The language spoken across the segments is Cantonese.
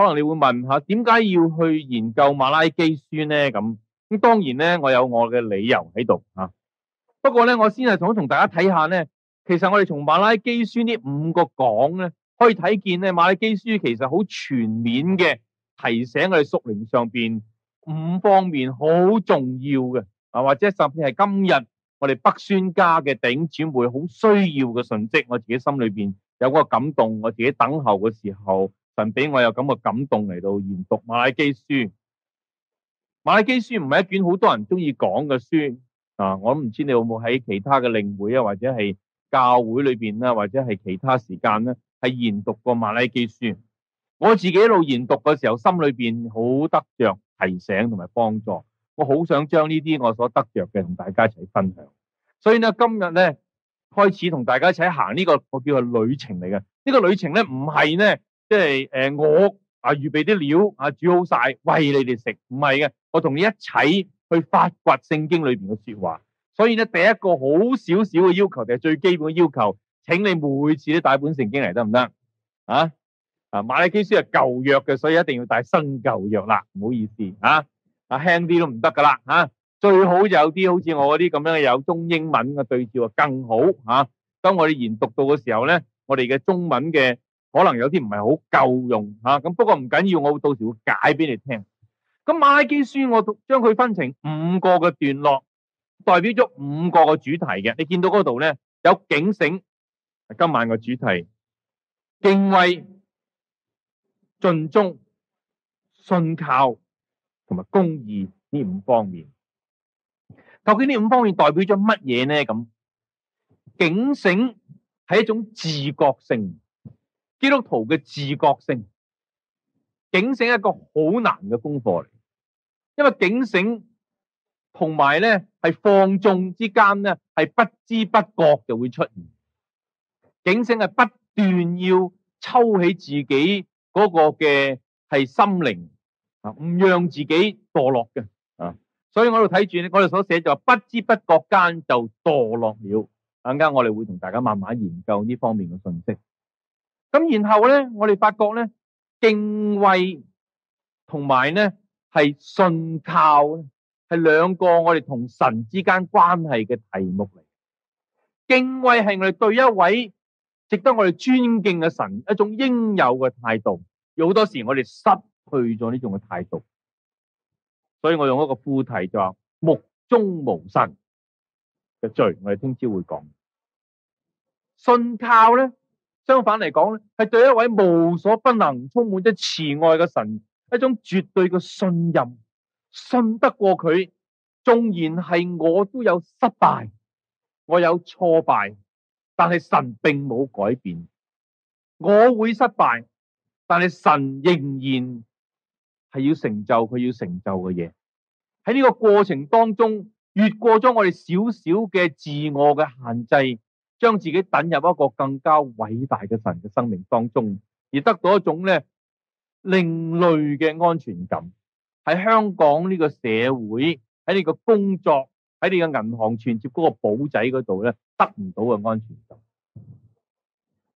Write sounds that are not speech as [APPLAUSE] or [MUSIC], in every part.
可能你會問吓，點解要去研究馬拉基書呢？咁咁當然咧，我有我嘅理由喺度吓。不過咧，我先係想同，同大家睇下咧，其實我哋從馬拉基書呢五個講咧，可以睇見咧，馬拉基書其實好全面嘅提醒我哋屬靈上邊五方面好重要嘅，啊或者甚至係今日我哋北宣家嘅頂轉會好需要嘅訊息。我自己心裏邊有個感動，我自己等候嘅時候。神俾我有咁嘅感動嚟到研讀馬拉基書，馬拉基書唔係一卷好多人中意講嘅書啊！我都唔知你有冇喺其他嘅靈會啊，或者係教會裏邊啦、啊，或者係其他時間啦，係研讀過馬拉基書。我自己一路研讀嘅時候，心裏邊好得着提醒同埋幫助。我好想將呢啲我所得着嘅同大家一齊分享。所以呢，今日呢，開始同大家一齊行呢個我叫佢旅程嚟嘅呢個旅程呢，唔係呢。即係誒，我啊預備啲料啊煮好晒，餵你哋食。唔係嘅，我同你一齊去發掘聖經裏邊嘅說話。所以咧，第一個好少少嘅要求，就係最基本嘅要求，請你每次都帶本聖經嚟，得唔得？啊啊，瑪拉基書係舊約嘅，所以一定要帶新舊約啦。唔好意思啊，啊輕啲都唔得噶啦。啊，最好有啲好似我嗰啲咁樣嘅有中英文嘅對照啊，更好吓。當我哋研讀到嘅時候咧，我哋嘅中文嘅。可能有啲唔係好夠用吓，咁不過唔緊要，我到時會解俾你聽。咁《瑪拉基書》，我將佢分成五個嘅段落，代表咗五個嘅主題嘅。你見到嗰度咧，有警醒，今晚嘅主題，敬畏、盡忠、信靠同埋公義呢五方面。究竟呢五方面代表咗乜嘢咧？咁警醒係一種自覺性。基督徒嘅自覺性，警醒係一個好難嘅功課嚟，因為警醒同埋咧係放縱之間咧係不知不覺就會出現，警醒係不斷要抽起自己嗰個嘅係心靈啊，唔讓自己墮落嘅啊，所以我喺度睇住咧，我哋所寫就話不知不覺間就墮落了。等間我哋會同大家慢慢研究呢方面嘅信息。咁然後咧，我哋發覺咧，敬畏同埋咧係信靠，係兩個我哋同神之間關係嘅題目嚟。敬畏係我哋對一位值得我哋尊敬嘅神一種應有嘅態度，有好多時我哋失去咗呢種嘅態度，所以我用一個副題作目中無神嘅罪，我哋聽朝會講。信靠咧，相反嚟講咧，係對一位無所不能、充滿咗慈愛嘅神一種絕對嘅信任，信得過佢。縱然係我都有失敗，我有挫敗，但係神並冇改變。我會失敗，但係神仍然係要成就佢要成就嘅嘢。喺呢個過程當中，越過咗我哋少少嘅自我嘅限制。將自己等入一個更加偉大嘅神嘅生命當中，而得到一種咧另類嘅安全感，喺香港呢個社會，喺你個工作，喺你個銀行存摺嗰個簿仔嗰度咧得唔到嘅安全感。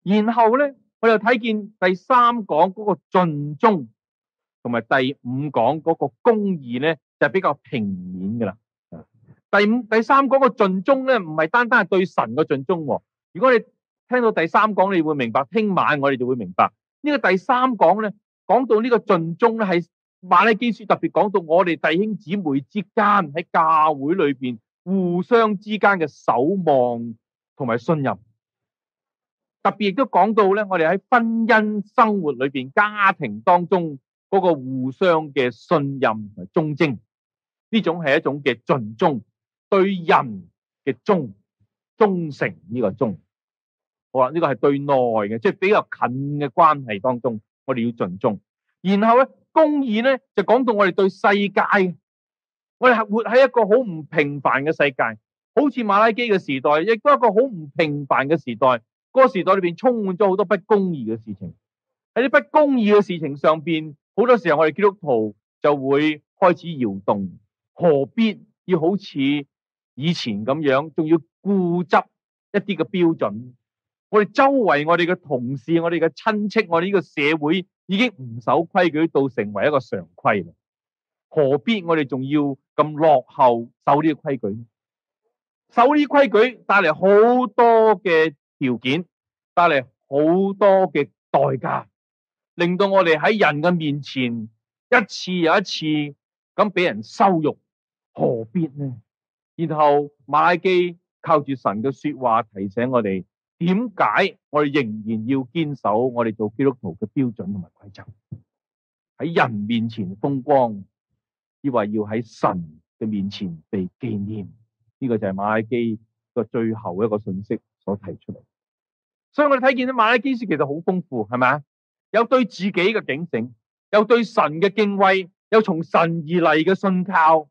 然後咧，我又睇見第三講嗰個盡忠，同埋第五講嗰個公義咧，就比較平面㗎喇。第五第三講個盡忠咧，唔係單單係對神嘅盡忠。如果你聽到第三講，你會明白，聽晚我哋就會明白呢個第三講咧，講到呢個盡忠咧，係瑪拉基書特別講到我哋弟兄姊妹之間喺教會裏邊互相之間嘅守望同埋信任，特別亦都講到咧，我哋喺婚姻生活裏邊家庭當中嗰個互相嘅信任同埋忠貞，呢種係一種嘅盡忠。對人嘅忠忠誠，呢個忠，好啦！呢個係對內嘅，即係比較近嘅關係當中，我哋要盡忠。然後咧，公義咧就講到我哋對世界，我哋係活喺一個好唔平凡嘅世界，好似馬拉基嘅時代，亦都係一個好唔平凡嘅時代。嗰個時代裏邊充滿咗好多不公義嘅事情。喺啲不公義嘅事情上邊，好多時候我哋基督徒就會開始搖動。何必要好似？以前咁樣，仲要固執一啲嘅標準。我哋周圍，我哋嘅同事，我哋嘅親戚，我哋呢個社會已經唔守規矩到成為一個常規啦。何必我哋仲要咁落後守呢個規矩？守呢規矩帶嚟好多嘅條件，帶嚟好多嘅代價，令到我哋喺人嘅面前一次又一次咁俾人羞辱。何必呢？然後馬拉基靠住神嘅說話提醒我哋，點解我哋仍然要堅守我哋做基督徒嘅標準同埋規則？喺人面前風光，抑或要喺神嘅面前被紀念。呢、這個就係馬拉基個最後一個信息，所提出嚟。所以我哋睇見呢，馬拉基書其實好豐富，係咪？有對自己嘅警醒，有對神嘅敬畏，有從神而嚟嘅信靠。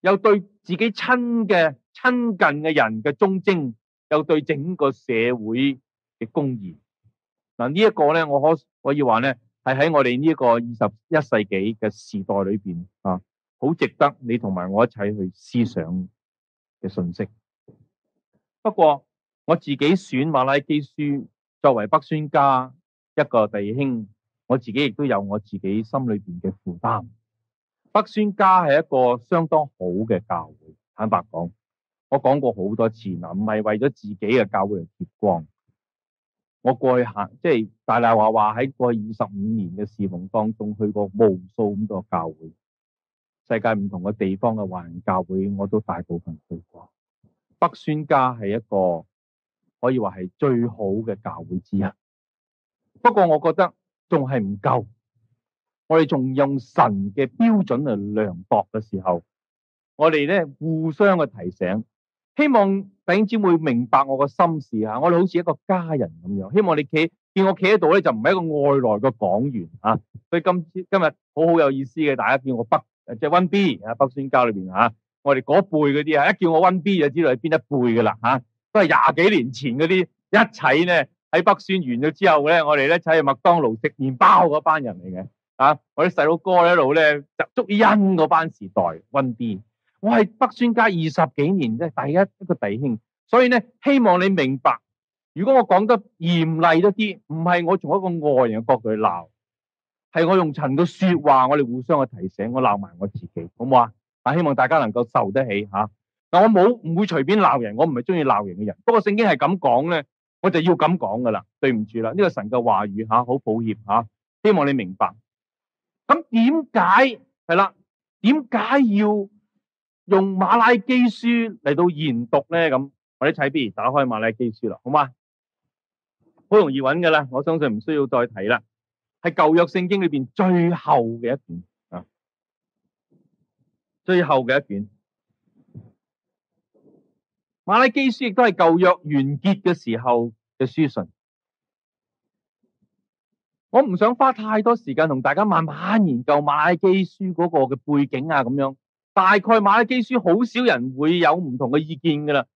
有對自己親嘅親近嘅人嘅忠貞，有對整個社會嘅公義。嗱、這個、呢一個咧，我可可以話咧，係喺我哋呢一個二十一世紀嘅時代裏邊啊，好值得你同埋我一齊去思想嘅信息。不過我自己選馬拉基書作為北宣家一個弟兄，我自己亦都有我自己心裏邊嘅負擔。北宣家係一個相當好嘅教會，坦白講，我講過好多次啦，唔係為咗自己嘅教會嚟貼光。我過去行，即係大大話話喺過去二十五年嘅侍奉當中，去過無數咁多教會，世界唔同嘅地方嘅華人教會，我都大部分去過。北宣家係一個可以話係最好嘅教會之一，不過我覺得仲係唔夠。我哋仲用神嘅標準嚟量度嘅時候，我哋咧互相嘅提醒，希望弟兄姊妹明白我個心事吓。我哋好似一個家人咁樣，希望你企見我企喺度咧，就唔係一個外來嘅講員啊。所以今次今日好好有意思嘅，大家叫我北即係 One B 啊，北宣教裏邊啊，我哋嗰輩嗰啲啊，一叫我 One B 就知道係邊一輩噶啦吓，都係廿幾年前嗰啲一齊咧喺北宣完咗之後咧，我哋咧一齊麥當勞食麵包嗰班人嚟嘅。啊！我啲細佬哥咧，一路咧就足恩嗰班時代溫啲。我係北宣家二十幾年啫，第一一個弟兄。所以呢，希望你明白。如果我講得嚴厲一啲，唔係我從一個外人嘅角度去鬧，係我用神嘅說話，我哋互相嘅提醒，我鬧埋我自己，好唔好啊？希望大家能夠受得起吓。嗱，我冇唔會隨便鬧人，我唔係中意鬧人嘅人。不過聖經係咁講咧，我就要咁講噶啦。對唔住啦，呢、這個神嘅話語吓，好抱歉吓。希望你明白。咁點解係啦？點解要用馬拉基書嚟到研讀呢？咁我哋一齊，不如打開馬拉基書啦，好嘛？好容易揾㗎啦，我相信唔需要再睇啦。係舊約聖經裏面最後嘅一段，啊，最後嘅一段。馬拉基書亦都係舊約完結嘅時候嘅書信。我唔想花太多時間同大家慢慢研究馬、啊馬馬《馬拉基書》嗰個嘅背景啊，咁樣大概《馬拉基書》好少人會有唔同嘅意見噶啦。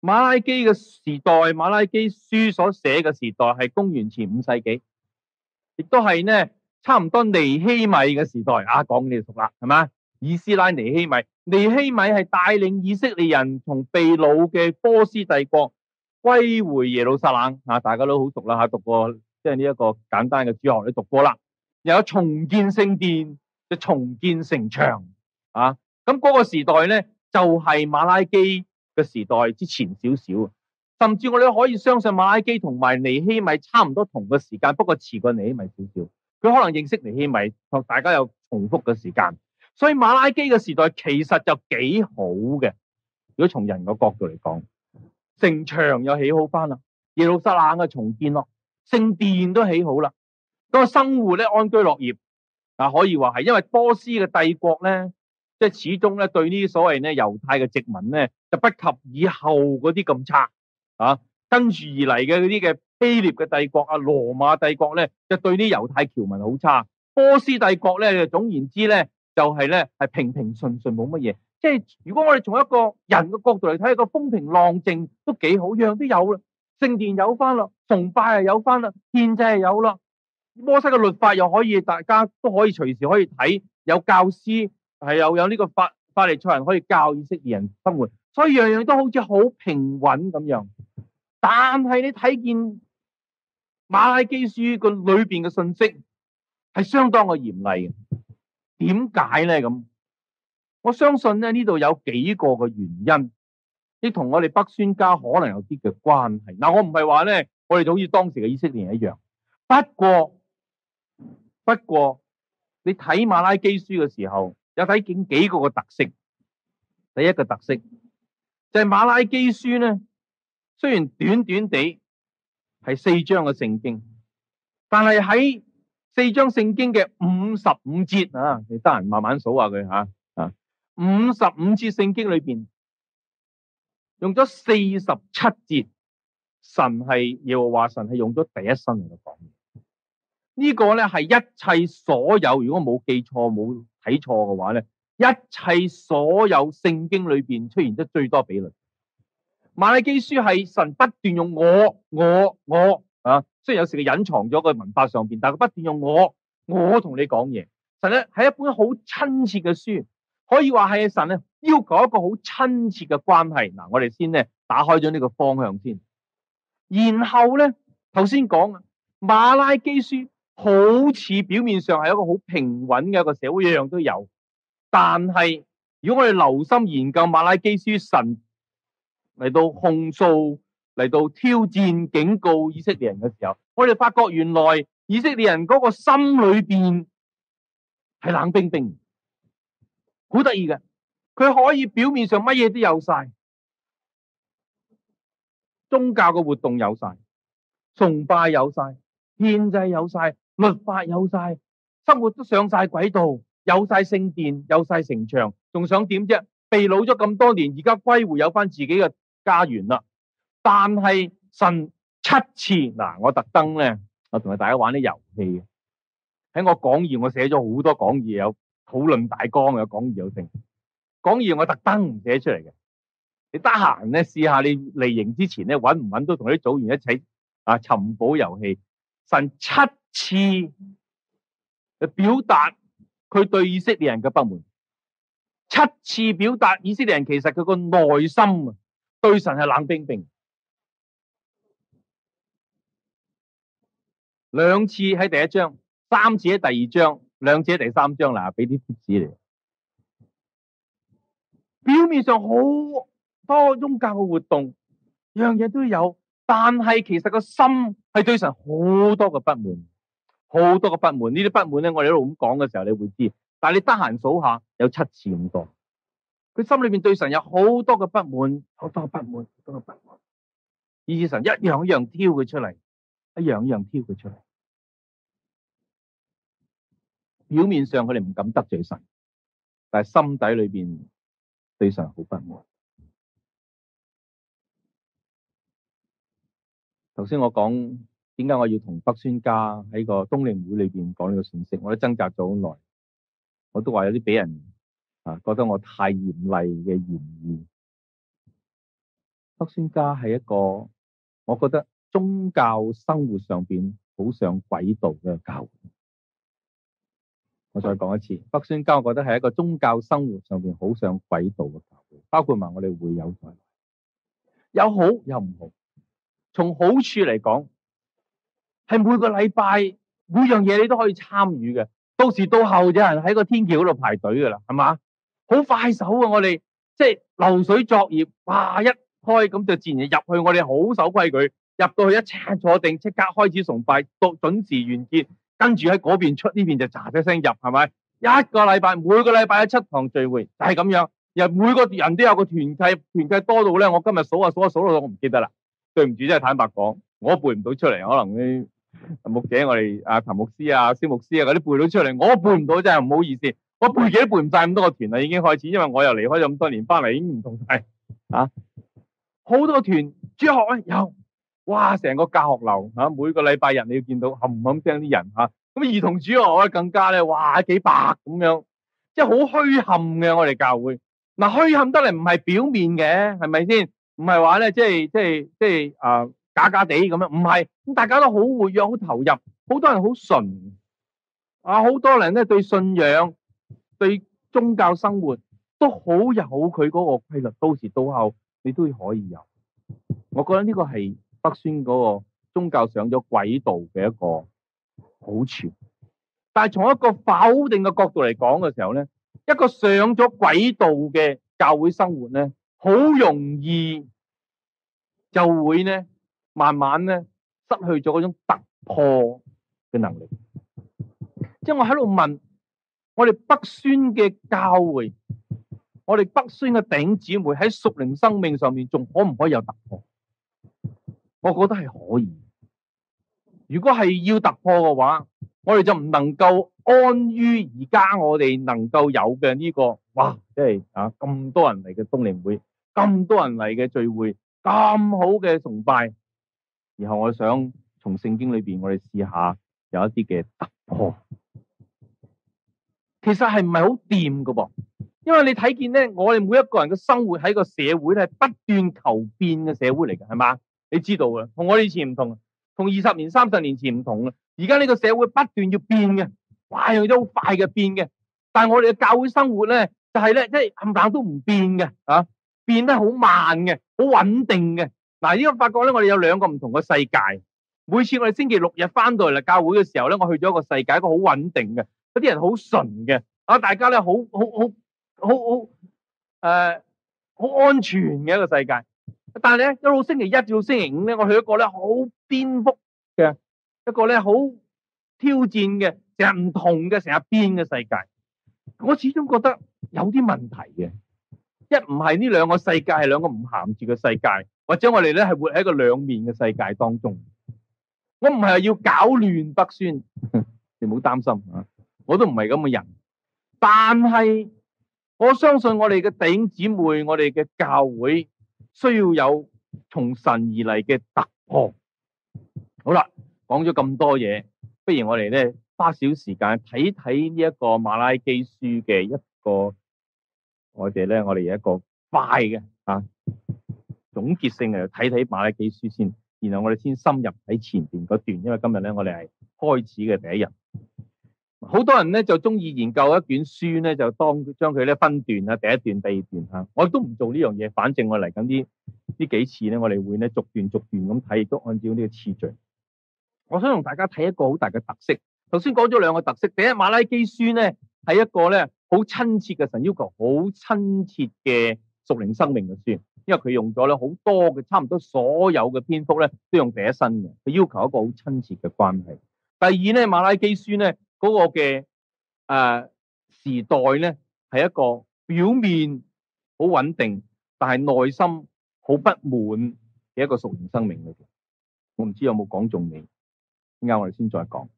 馬拉基嘅時代，《馬拉基書》所寫嘅時代係公元前五世紀，亦都係呢差唔多尼希米嘅時代啊。講你就熟啦，係嘛？以斯拉尼希米。尼希米係帶領以色列人同被擄嘅波斯帝國歸回耶路撒冷啊，大家都好熟啦，吓、啊、讀過。即係呢一個簡單嘅主學，你讀過啦。又有重建聖殿就重建城牆啊，咁嗰個時代咧就係馬拉基嘅時代之前少少，甚至我哋可以相信馬拉基同埋尼希米差唔多同嘅時間，不過遲過尼希米少少。佢可能認識尼希米，同大家有重複嘅時間。所以馬拉基嘅時代其實就幾好嘅，如果從人嘅角度嚟講，城牆又起好翻啦，耶路撒冷嘅重建咯。聖殿都起好啦，咁生活咧安居樂業啊可以話係，因為波斯嘅帝國咧，即係始終咧對呢啲所謂咧猶太嘅殖民咧，就不及以後嗰啲咁差啊。跟住而嚟嘅嗰啲嘅希臘嘅帝國啊、羅馬帝國咧，就對啲猶太僑民好差。波斯帝國咧，總言之咧，就係咧係平平順順冇乜嘢。即係如果我哋從一個人嘅角度嚟睇，一個風平浪靜都幾好，樣樣都有啦。聖殿有翻咯，崇拜又有翻咯，獻祭又有咯，摩西嘅律法又可以，大家都可以隨時可以睇，有教師係有有呢個法法律菜人可以教以色列人生活，所以樣樣都好似好平穩咁樣。但係你睇見《馬拉基書》個裏邊嘅信息係相當嘅嚴厲，點解咧咁？我相信咧呢度有幾個嘅原因。你同我哋北宣家可能有啲嘅關係。嗱，我唔係話咧，我哋就好似當時嘅以色列一樣。不過，不過，你睇馬拉基書嘅時候，有睇見幾個嘅特色。第一個特色就係馬拉基書咧，雖然短短地係四章嘅聖經，但係喺四章聖經嘅五十五節啊，你得閒慢慢數下佢嚇啊。五十五節聖經裏邊。用咗四十七節，神係耶和華神係用咗第一身嚟到，講嘢。這個、呢個咧係一切所有，如果冇記錯冇睇錯嘅話咧，一切所有聖經裏面出現得最多比率。瑪拉基書係神不斷用我、我、我啊，雖然有時佢隱藏咗喺文化上面，但係佢不斷用我、我同你講嘢。神咧係一本好親切嘅書。可以話係神要求一個好親切嘅關係。嗱，我哋先咧打開咗呢個方向先，然後呢，頭先講啊，馬拉基書好似表面上係一個好平穩嘅一個社會，一樣都有，但係如果我哋留心研究馬拉基書，神嚟到控訴、嚟到挑戰、警告以色列人嘅時候，我哋發覺原來以色列人嗰個心裏邊係冷冰冰。好得意嘅，佢可以表面上乜嘢都有晒，宗教嘅活動有晒，崇拜有晒，建制有晒，律法有晒，生活都上晒軌道，有晒聖殿，有晒城牆，仲想點啫？被擄咗咁多年，而家歸回有返自己嘅家園啦。但係神七次嗱，我特登咧，我同埋大家玩啲遊戲，喺我講義，我寫咗好多講義有。討論大綱有講義有剩，講義我特登唔寫出嚟嘅。你得閒咧，試下你離營之前咧，搵唔搵到同啲組員一齊啊，尋寶遊戲。神七次去表達佢對以色列人嘅不滿，七次表達以色列人其實佢個內心啊，對神係冷冰冰。兩次喺第一章，三次喺第二章。兩者第三章啦，俾啲貼紙嚟。表面上好多宗教嘅活動，樣嘢都有，但係其實個心係對神好多嘅不滿，好多嘅不滿。呢啲不滿咧，我哋一路咁講嘅時候，你會知。但係你得閒數下，有七次咁多。佢心裏面對神有好多嘅不滿，好多嘅不滿，好多嘅不滿。以致神一樣一樣挑佢出嚟，一樣一樣挑佢出嚟。表面上佢哋唔敢得罪神，但係心底裏邊對神好不滿。頭先我講點解我要同北宣家喺個冬令會裏邊講呢個信息，我都掙扎咗好耐，我都話有啲俾人啊覺得我太嚴厲嘅嫌疑。北宣家係一個我覺得宗教生活上邊好上軌道嘅教會。我再講一次，北宣教我覺得係一個宗教生活上面好上軌道嘅教會，包括埋我哋會有有好有唔好。從好處嚟講，係每個禮拜每樣嘢你都可以參與嘅。到時到後有人喺個天橋度排隊噶啦，係嘛？好快手啊！我哋即係流水作業，哇！一開咁就自然入去，我哋好守規矩，入到去一坐定，即刻開始崇拜，讀準時完結。跟住喺嗰邊出呢邊就喳一聲入，係咪一個禮拜每個禮拜一七堂聚會，就係咁樣。又每個人都有個團契，團契多到咧，我今日數下數下數到我唔記得啦。對唔住，真係坦白講，我背唔到出嚟。可能啲牧者，我哋阿譚牧師啊、蕭牧師啊嗰啲、啊、背到出嚟，我背唔到真係，唔好意思，我背嘅都背唔晒咁多個團啊，已經開始，因為我又離開咗咁多年，翻嚟已經唔同晒。啊，好多團主學啊有。哇！成個教學樓吓，每個禮拜日你要見到冚冚聲啲人吓，咁兒童主啊，我哋更加咧，哇，幾百咁樣，即係好虛冚嘅。我哋教會嗱虛冚得嚟唔係表面嘅，係咪先？唔係話咧，即係即係即係啊假假地咁樣，唔係咁大家都好活躍，好投入，好多人好純啊，好多人咧對信仰、對宗教生活都好有佢嗰個規律。到時到後你都可以有，我覺得呢個係北宣嗰個宗教上咗軌道嘅一個好處，但係從一個否定嘅角度嚟講嘅時候咧，一個上咗軌道嘅教會生活咧，好容易就會咧慢慢咧失去咗嗰種突破嘅能力。即係我喺度問我哋北宣嘅教會，我哋北宣嘅頂姊妹喺屬靈生命上面仲可唔可以有突破？我覺得係可以。如果係要突破嘅話，我哋就唔能夠安於而家我哋能夠有嘅呢個，哇！即係啊，咁多人嚟嘅冬令會，咁多人嚟嘅聚會，咁好嘅崇拜。然後我想從聖經裏邊，我哋試下有一啲嘅突破。其實係唔係好掂噶噃？因為你睇見咧，我哋每一個人嘅生活喺個社會係不斷求變嘅社會嚟嘅，係嘛？你知道嘅，同我以前唔同，同二十年、三十年前唔同嘅。而家呢個社會不斷要變嘅，快又好快嘅變嘅。但係我哋嘅教會生活咧，就係、是、呢，即係冚唪唥都唔變嘅，啊，變得好慢嘅，好穩定嘅。嗱、啊，依家發覺呢，我哋有兩個唔同嘅世界。每次我哋星期六日返到嚟教會嘅時候呢，我去咗一個世界，一個好穩定嘅，嗰啲人好純嘅，啊，大家呢，好好好好好誒、呃，好安全嘅一個世界。但係咧，一路星期一至到星期五咧，我去一個咧好顛覆嘅一個咧好挑戰嘅成日唔同嘅成日變嘅世界，我始終覺得有啲問題嘅。一唔係呢兩個世界係兩個唔銜接嘅世界，或者我哋咧係活喺一個兩面嘅世界當中。我唔係話要搞亂北宣，你唔好擔心啊！我都唔係咁嘅人，但係我相信我哋嘅頂姊妹，我哋嘅教會。需要有從神而嚟嘅突破。好啦，講咗咁多嘢，不如我哋咧花少時間睇睇呢一個馬拉基書嘅一個我哋咧，我哋有一個快嘅啊，總結性嘅睇睇馬拉基書先，然後我哋先深入喺前邊嗰段，因為今日咧我哋係開始嘅第一日。好多人咧就中意研究一卷書呢，就當將佢咧分段啊，第一段、第二段吓。我都唔做呢樣嘢，反正我嚟緊啲呢幾次咧，我哋會咧逐段逐段咁睇，亦都按照呢個次序。我想同大家睇一個好大嘅特色。頭先講咗兩個特色。第一，馬拉基書咧係一個咧好親切嘅神要求，好親切嘅屬靈生命嘅書，因為佢用咗咧好多嘅，差唔多所有嘅篇幅咧都用第一身嘅，佢要求一個好親切嘅關係。第二咧，馬拉基書咧。嗰個嘅，誒時代咧，係一個表面好穩定，但係內心好不滿嘅一個屬靈生命嚟嘅。我唔知有冇講中你？啱我哋先再講。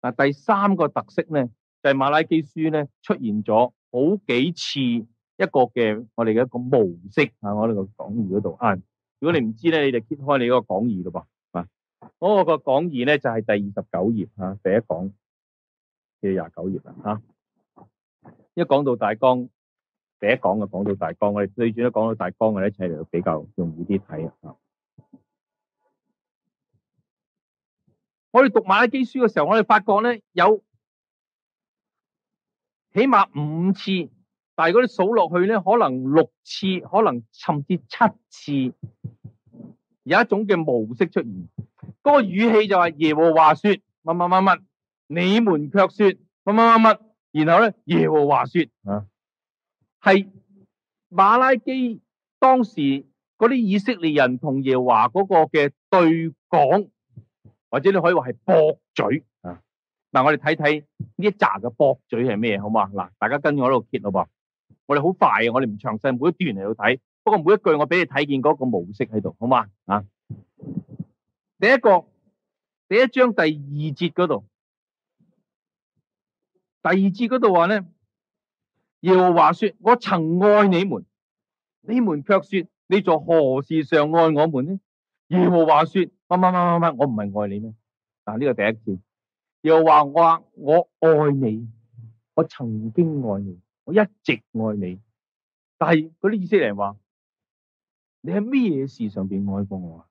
嗱、啊，第三個特色咧，就係、是、馬拉基書咧出現咗好幾次一個嘅我哋嘅一個模式啊，我哋個講義嗰度啊。如果你唔知咧，你就揭開你個講義咯噃啊。嗰、那個講義咧就係、是、第二十九頁啊，第一講。即係廿九頁啦，嚇、啊！一講到大綱，第一講就講到大綱，我哋對住一講到大綱嘅一齊嚟比較容易啲睇啊！我哋讀瑪拉基書嘅時候，我哋發覺咧有起碼五次，但係嗰啲數落去咧，可能六次，可能甚至七次，有一種嘅模式出現。嗰、那個語氣就係耶和華說：「乜乜乜乜」。你們卻說乜乜乜乜，然後咧耶和華說。啊，係馬拉基當時嗰啲以色列人同耶和華嗰個嘅對講，或者你可以話係駁嘴啊。嗱，我哋睇睇呢一紮嘅駁嘴係咩好嘛？嗱，大家跟住我喺度揭好噃。我哋好快啊，我哋唔詳細每一段嚟到睇，不過每一句我俾你睇見嗰個模式喺度，好嘛？啊，第一個，第一章第二節嗰度。第二節嗰度話咧，耶和華說，我曾愛你們，你們卻說，你做何事上愛我們呢？耶和華說，乜乜乜乜乜，我唔係愛你咩？嗱，呢個第一節，又話我我愛你，我曾經愛你，我一直愛你，但係嗰啲以色列人話，你喺咩嘢事上邊愛過我啊？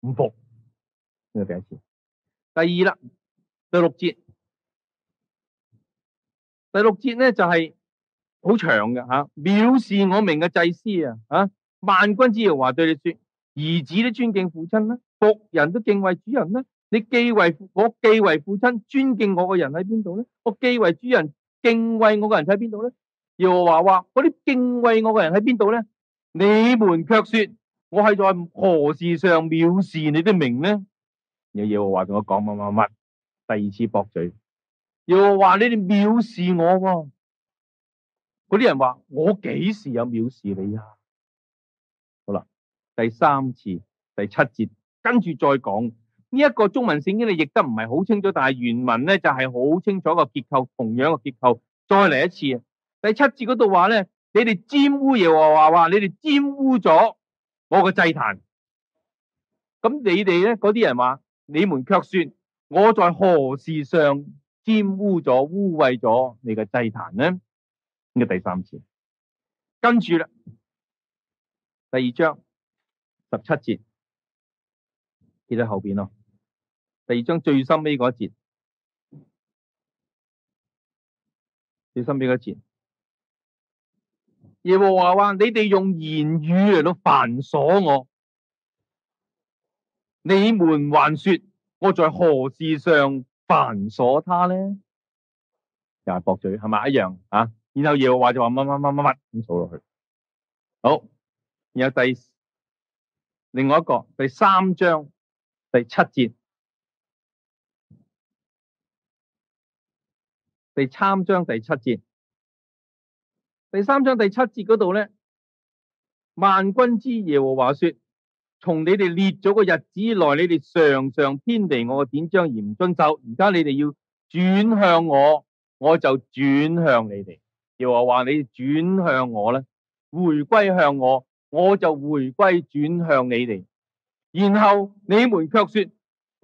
唔服，呢、這個第一節。第二啦，第六節。第六節呢就係、是、好長嘅吓，藐視我名嘅祭司啊，啊萬軍之耶和華對你說：兒子都尊敬父親啦、啊，僕人都敬畏主人啦、啊。你既為我既為父親尊敬我嘅人喺邊度呢？我既為主人敬畏我嘅人喺邊度呢？耶和華話：嗰啲敬畏我嘅人喺邊度呢？你們却說：我係在何事上藐視你的名呢？有耶和華同我講乜乜乜，第二次駁嘴。又話你哋藐視我喎、哦，嗰啲人話我幾時有藐視你啊？好啦，第三次第七節，跟住再講呢一個中文聖經，你譯得唔係好清楚，但係原文咧就係、是、好清楚個結構，同樣個結構，再嚟一次。第七節嗰度話咧，你哋玷污，又話話話你哋玷污咗我個祭壇，咁你哋咧嗰啲人話，你們卻說我在何事上？玷污咗、污穢咗你嘅祭壇咧，呢個第三節。跟住啦，第二章十七節，記喺後邊咯。第二章最深屘嗰節，最深屘嗰節，耶和華話：你哋用言語嚟到煩瑣我，你們還說我在何事上？凡鎖他咧，又係駁嘴，係咪一樣啊？然後耶和華就話乜乜乜乜乜咁數落去，好。然後第另外一個第三章第七節，第三章第七節，第三章第七節嗰度咧，萬軍之耶和華說。從你哋列咗個日子以來，你哋常常偏離我嘅典章而唔遵守，而家你哋要轉向我，我就轉向你哋。又話話你轉向我呢？回歸向我，我就回歸轉向你哋。然後你們卻說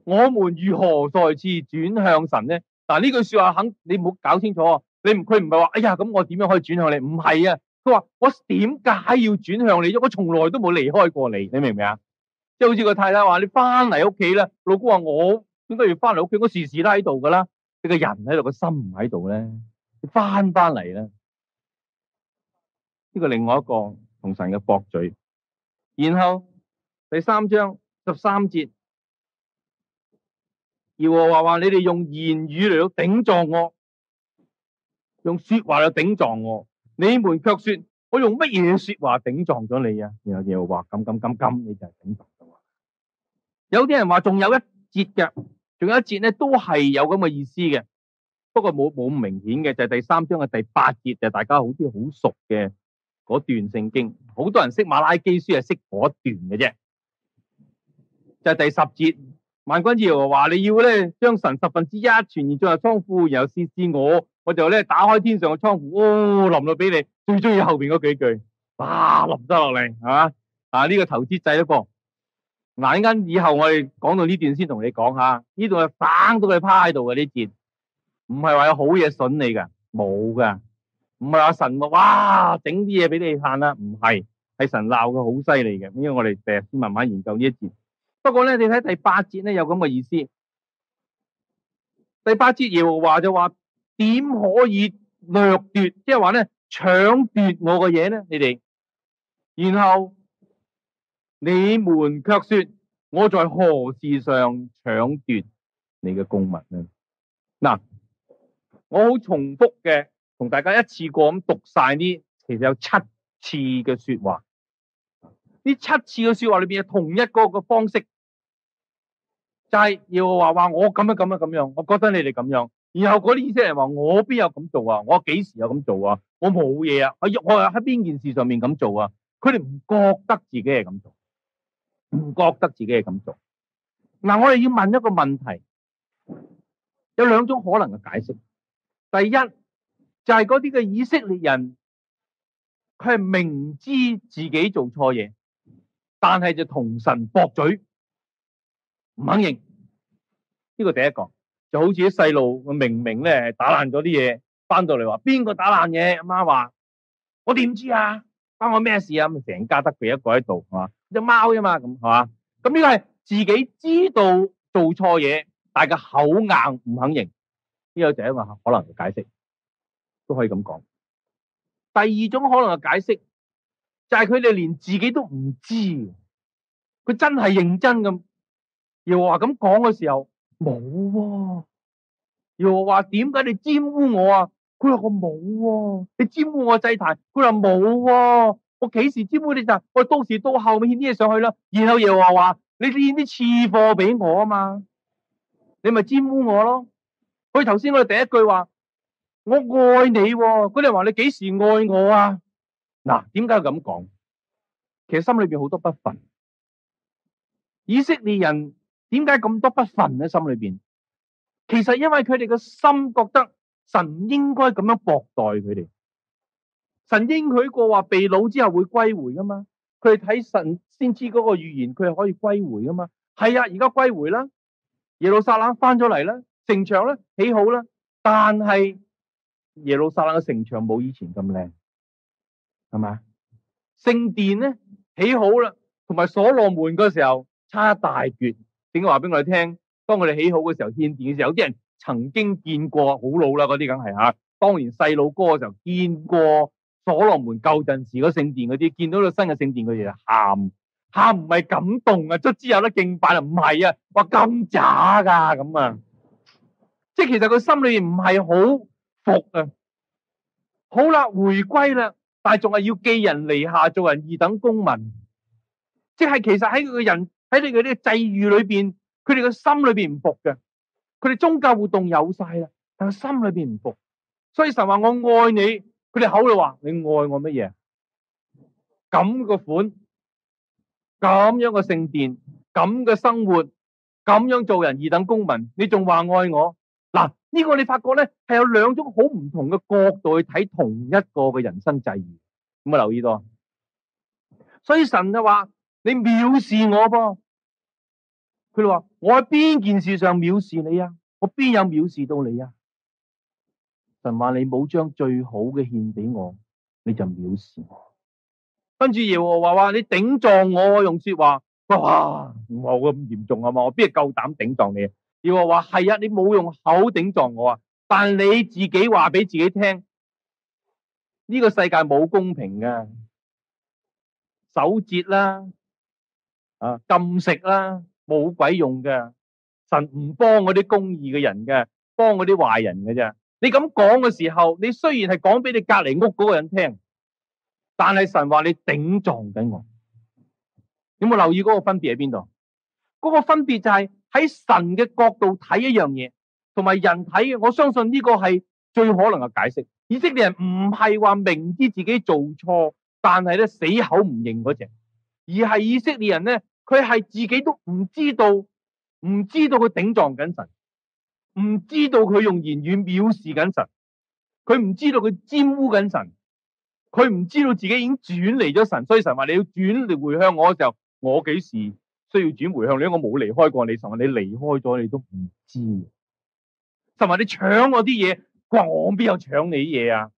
我們如何再次轉向神呢？嗱，呢句說話肯你冇搞清楚啊！你佢唔係話，哎呀咁，我點樣可以轉向你？唔係啊！佢話我點解要轉向你？我從來都冇離開過你，你明唔明啊？即好似個太太話：你翻嚟屋企啦，老公話我點解要翻嚟屋企？我時時都喺度噶啦，你個人喺度，個心唔喺度咧，你翻翻嚟啦！呢個另外一個同神嘅駁嘴。然後第三章十三節，耶和華話：你哋用言語嚟到頂撞我，用說話嚟頂撞我。你們卻說，我用乜嘢說話頂撞咗你啊？然後又話咁咁咁咁，你就係頂撞咗我。」有啲人話仲有一節嘅，仲有一節呢，都係有咁嘅意思嘅，不過冇冇咁明顯嘅，就係第三章嘅第八節，就大家好似好熟嘅嗰段聖經，好多人識馬拉基書係識嗰一段嘅啫，就係第十節。萬軍之王話，你要呢，將神十分之一全然送入倉庫，然後試試我。我就咧打開天上嘅窗戶，哦淋到俾你，最中意後邊嗰幾句，啊，淋得落嚟係啊呢、啊這個投資制一個嗱，依、啊、家以後我哋講到呢段先同你講下，呢度啊反到佢趴喺度嘅呢節，唔係話有好嘢筍你噶，冇噶，唔係話神話哇整啲嘢俾你嘆啦，唔係係神鬧佢好犀利嘅，因為我哋第日先慢慢研究呢一節。不過咧你睇第八節咧有咁嘅意思，第八節耶和華就話。點可以掠奪，即係話咧，搶奪我嘅嘢咧？你哋，然後你們卻說我在何事上搶奪你嘅供物咧？嗱，我好重複嘅同大家一次過咁讀晒呢，其實有七次嘅說話，呢七次嘅說話裏邊有同一個嘅方式，就係要話話我咁樣咁樣咁樣，我覺得你哋咁樣。然後嗰啲意思話：我邊有咁做啊？我幾時有咁做啊？我冇嘢啊！我喺邊件事上面咁做啊？佢哋唔覺得自己係咁做，唔覺得自己係咁做。嗱，我哋要問一個問題，有兩種可能嘅解釋。第一就係嗰啲嘅以色列人，佢係明知自己做錯嘢，但係就同神駁嘴，唔肯認。呢個第一個。就好似啲細路，明明咧打爛咗啲嘢，翻到嚟話邊個打爛嘢？阿媽話我點知啊？關我咩事啊？咁成家得佢一個喺度，係嘛？隻貓啫嘛，咁係嘛？咁呢個係自己知道做錯嘢，但係佢口硬唔肯認。呢個就係一個可能嘅解釋，都可以咁講。第二種可能嘅解釋就係佢哋連自己都唔知，佢真係認真咁，又話咁講嘅時候。冇喎，又話點解你玷污我啊？佢話我冇喎、啊，你玷污我祭壇，佢話冇喎，我幾時玷污你咋？我到時到後面獻啲嘢上去啦，然後又話話你獻啲次貨畀我啊嘛，你咪玷污我咯。所以頭先我第一句話，我愛你、啊，佢哋話你幾時愛我啊？嗱，點解咁講？其實心裏邊好多不忿，以色列人。點解咁多不忿喺心裏邊？其實因為佢哋嘅心覺得神應該咁樣薄待佢哋。神應許過話被擄之後會歸回噶嘛？佢哋睇神先知嗰個預言，佢係可以歸回噶嘛？係啊，而家歸回啦，耶路撒冷翻咗嚟啦，城牆咧起好啦，但係耶路撒冷嘅城牆冇以前咁靚，係嘛？聖殿咧起好啦，同埋所羅門嗰時候差一大段。點解話俾我哋聽？當佢哋起好嘅時候，獻殿嘅時候，有啲人曾經見過好老啦，嗰啲梗係吓。當年細佬哥嘅時候見過所羅門舊陣時嗰聖殿嗰啲，見到咗新嘅聖殿，佢哋就喊，喊唔係感動啊！卒之有得敬拜啊！唔係啊，話咁渣噶咁啊！即係其實佢心裏面唔係好服啊。好啦，回歸啦，但係仲係要寄人籬下，做人二等公民。即係其實喺佢個人。喺你嗰啲際遇裏面，佢哋嘅心裏面唔服嘅，佢哋宗教活動有晒啦，但係心裏面唔服，所以神話我愛你，佢哋口裏話你愛我乜嘢？咁個款，咁樣嘅聖殿，咁嘅生活，咁樣做人二等公民，你仲話愛我？嗱，呢個你發覺咧，係有兩種好唔同嘅角度去睇同一個嘅人生際遇，咁啊留意到。所以神就話你藐視我噃。佢哋話我喺邊件事上藐視你啊？我邊有藐視到你啊？神話你冇將最好嘅獻畀我，你就藐視我。跟住耶和華話：你頂撞我，用說話哇！冇咁嚴重係嘛？我邊夠膽頂撞你？耶和華話：係啊，你冇用口頂撞我啊！但你自己話俾自己聽，呢個世界冇公平噶，守節啦，啊，禁食啦。冇鬼用㗎，神唔幫嗰啲公義嘅人嘅，幫嗰啲壞人嘅啫。你咁講嘅時候，你雖然係講俾你隔籬屋嗰個人聽，但係神話你頂撞緊我。有冇留意嗰個分別喺邊度？嗰個分別就係喺神嘅角度睇一樣嘢，同埋人睇嘅。我相信呢個係最可能嘅解釋。以色列人唔係話明知自己做錯，但係咧死口唔認嗰隻，而係以色列人咧。佢係自己都唔知道，唔知道佢頂撞緊神，唔知道佢用言語藐視緊神，佢唔知道佢玷污緊神，佢唔知道自己已經轉離咗神，所以神話你要轉回向我嘅時候，我幾時需要轉回向你？因為我冇離開過你，神話你離開咗，你都唔知，神話你搶我啲嘢，佢話我邊有搶你嘢啊？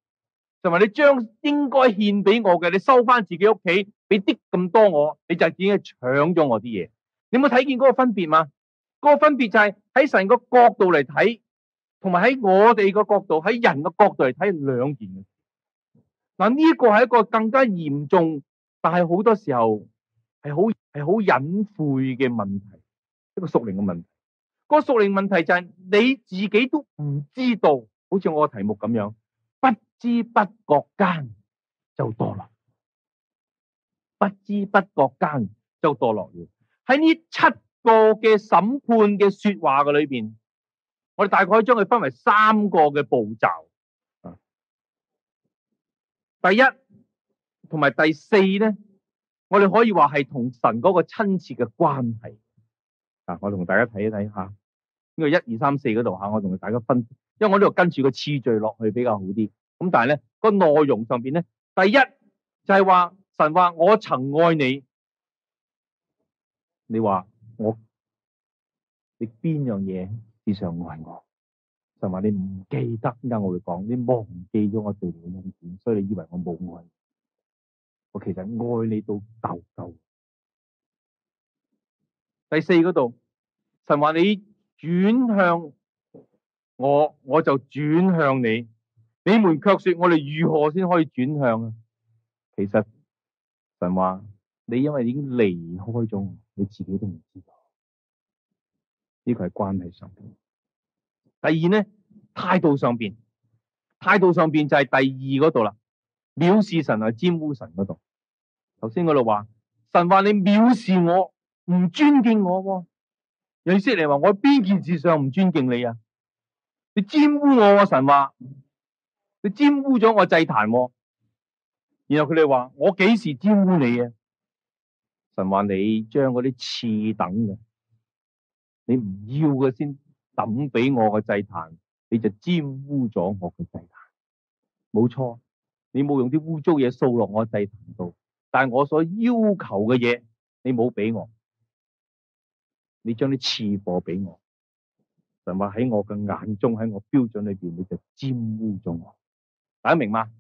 神話你將應該獻俾我嘅，你收翻自己屋企。你啲咁多我，你就已經搶咗我啲嘢。你有冇睇見嗰個分別嘛？嗰、嗰個分別就係喺神個角度嚟睇，同埋喺我哋個角度，喺人個角度嚟睇兩件事。嗱呢個係一個更加嚴重，但係好多時候係好係好隱晦嘅問題，一個屬靈嘅問題。個屬靈問題就係你自己都唔知道，好似我嘅題目咁樣，不知不覺間就多啦。不知不覺間就墮落了。喺呢七個嘅審判嘅說話嘅裏邊，我哋大概可以將佢分為三個嘅步驟。啊，第一同埋第四咧，我哋可以話係同神嗰個親切嘅關係。嗱、啊，我同大家睇一睇吓，呢、這個一二三四嗰度吓，我同大家分，因為我呢度跟住個次序落去比較好啲。咁、嗯、但係咧、那個內容上邊咧，第一就係、是、話。神話我曾愛你，你話我你邊樣嘢至上愛我？神話你唔記得點解我會講，你忘記咗我對你嘅恩典，所以你以為我冇愛我，其實愛你到豆豆。第四嗰度，神話你轉向我，我就轉向你。你們卻說我哋如何先可以轉向啊？其實。神話你因為已經離開咗我，你自己都唔知道呢個係關係上邊。第二咧，態度上邊，態度上邊就係第二嗰度啦，藐視神係玷污神嗰度。頭先嗰度話神話你藐視我，唔尊敬我，有意思嚟，你話我邊件事上唔尊敬你啊？你玷污我喎，我神話你玷污咗我祭壇喎。然後佢哋話：我幾時沾污你啊？神話你將嗰啲次等嘅，你唔要嘅先抌俾我嘅祭壇，你就沾污咗我嘅祭壇。冇錯，你冇用啲污糟嘢掃落我祭壇度，但係我所要求嘅嘢你冇俾我，你將啲次貨俾我。神話喺我嘅眼中，喺我標準裏邊，你就沾污咗我。大家明嘛？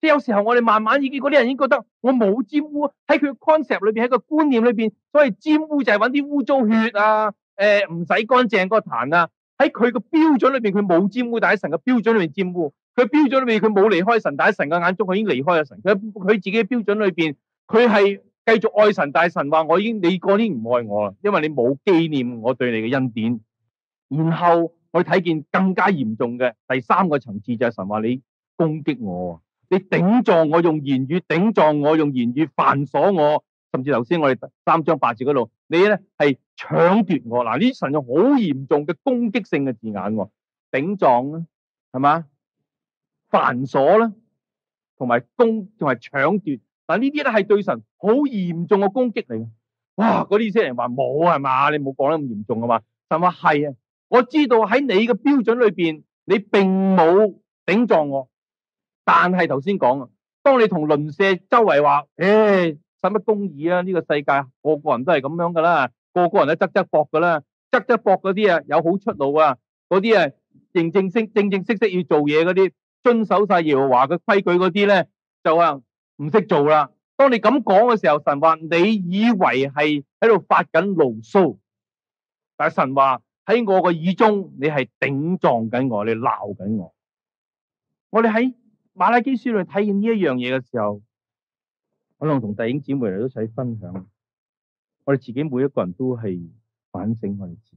即有時候我哋慢慢已經嗰啲人已經覺得我冇沾污，喺佢 concept 裏邊，喺個觀念裏面，所謂沾污就係揾啲污糟血啊，誒唔使乾淨嗰個壇啊。喺佢個標準裏邊佢冇沾污，但喺神嘅標準裏面沾污。佢標準裏邊佢冇離開神，但係神嘅眼中佢已經離開咗神。佢佢自己標準裏面，佢係繼續愛神，但係神話我已經你嗰啲唔愛我啦，因為你冇紀念我對你嘅恩典。然後我睇見更加嚴重嘅第三個層次就係、是、神話你攻擊我。你頂撞我，用言語頂撞我，用言語煩瑣我，甚至頭先我哋三章八字嗰度，你咧係搶奪我嗱，呢啲神有好嚴重嘅攻擊性嘅字眼，頂撞啦，係嘛，煩瑣啦，同埋攻同埋搶奪，嗱呢啲咧係對神好嚴重嘅攻擊嚟嘅。哇，嗰啲意思係話冇係嘛，你冇講得咁嚴重啊嘛，神話係啊，我知道喺你嘅標準裏邊，你並冇頂撞我。但係頭先講啊，當你同鄰舍周圍話，誒、哎，使乜公義啊？呢、這個世界個個人都係咁樣噶啦，個個人都執執搏噶啦，執執搏嗰啲啊，側側側側有好出路啊，嗰啲啊，認正式正正識識要做嘢，嗰啲，遵守晒耶和華嘅規矩嗰啲咧，就啊唔識做啦。當你咁講嘅時候，神話你以為係喺度發緊牢騷，但神話喺我嘅耳中，你係頂撞緊我，你鬧緊我，我哋喺。馬拉基書裏睇見呢一樣嘢嘅時候，可能同弟兄姐妹嚟到一齊分享。我哋自己每一個人都係反省我哋自己。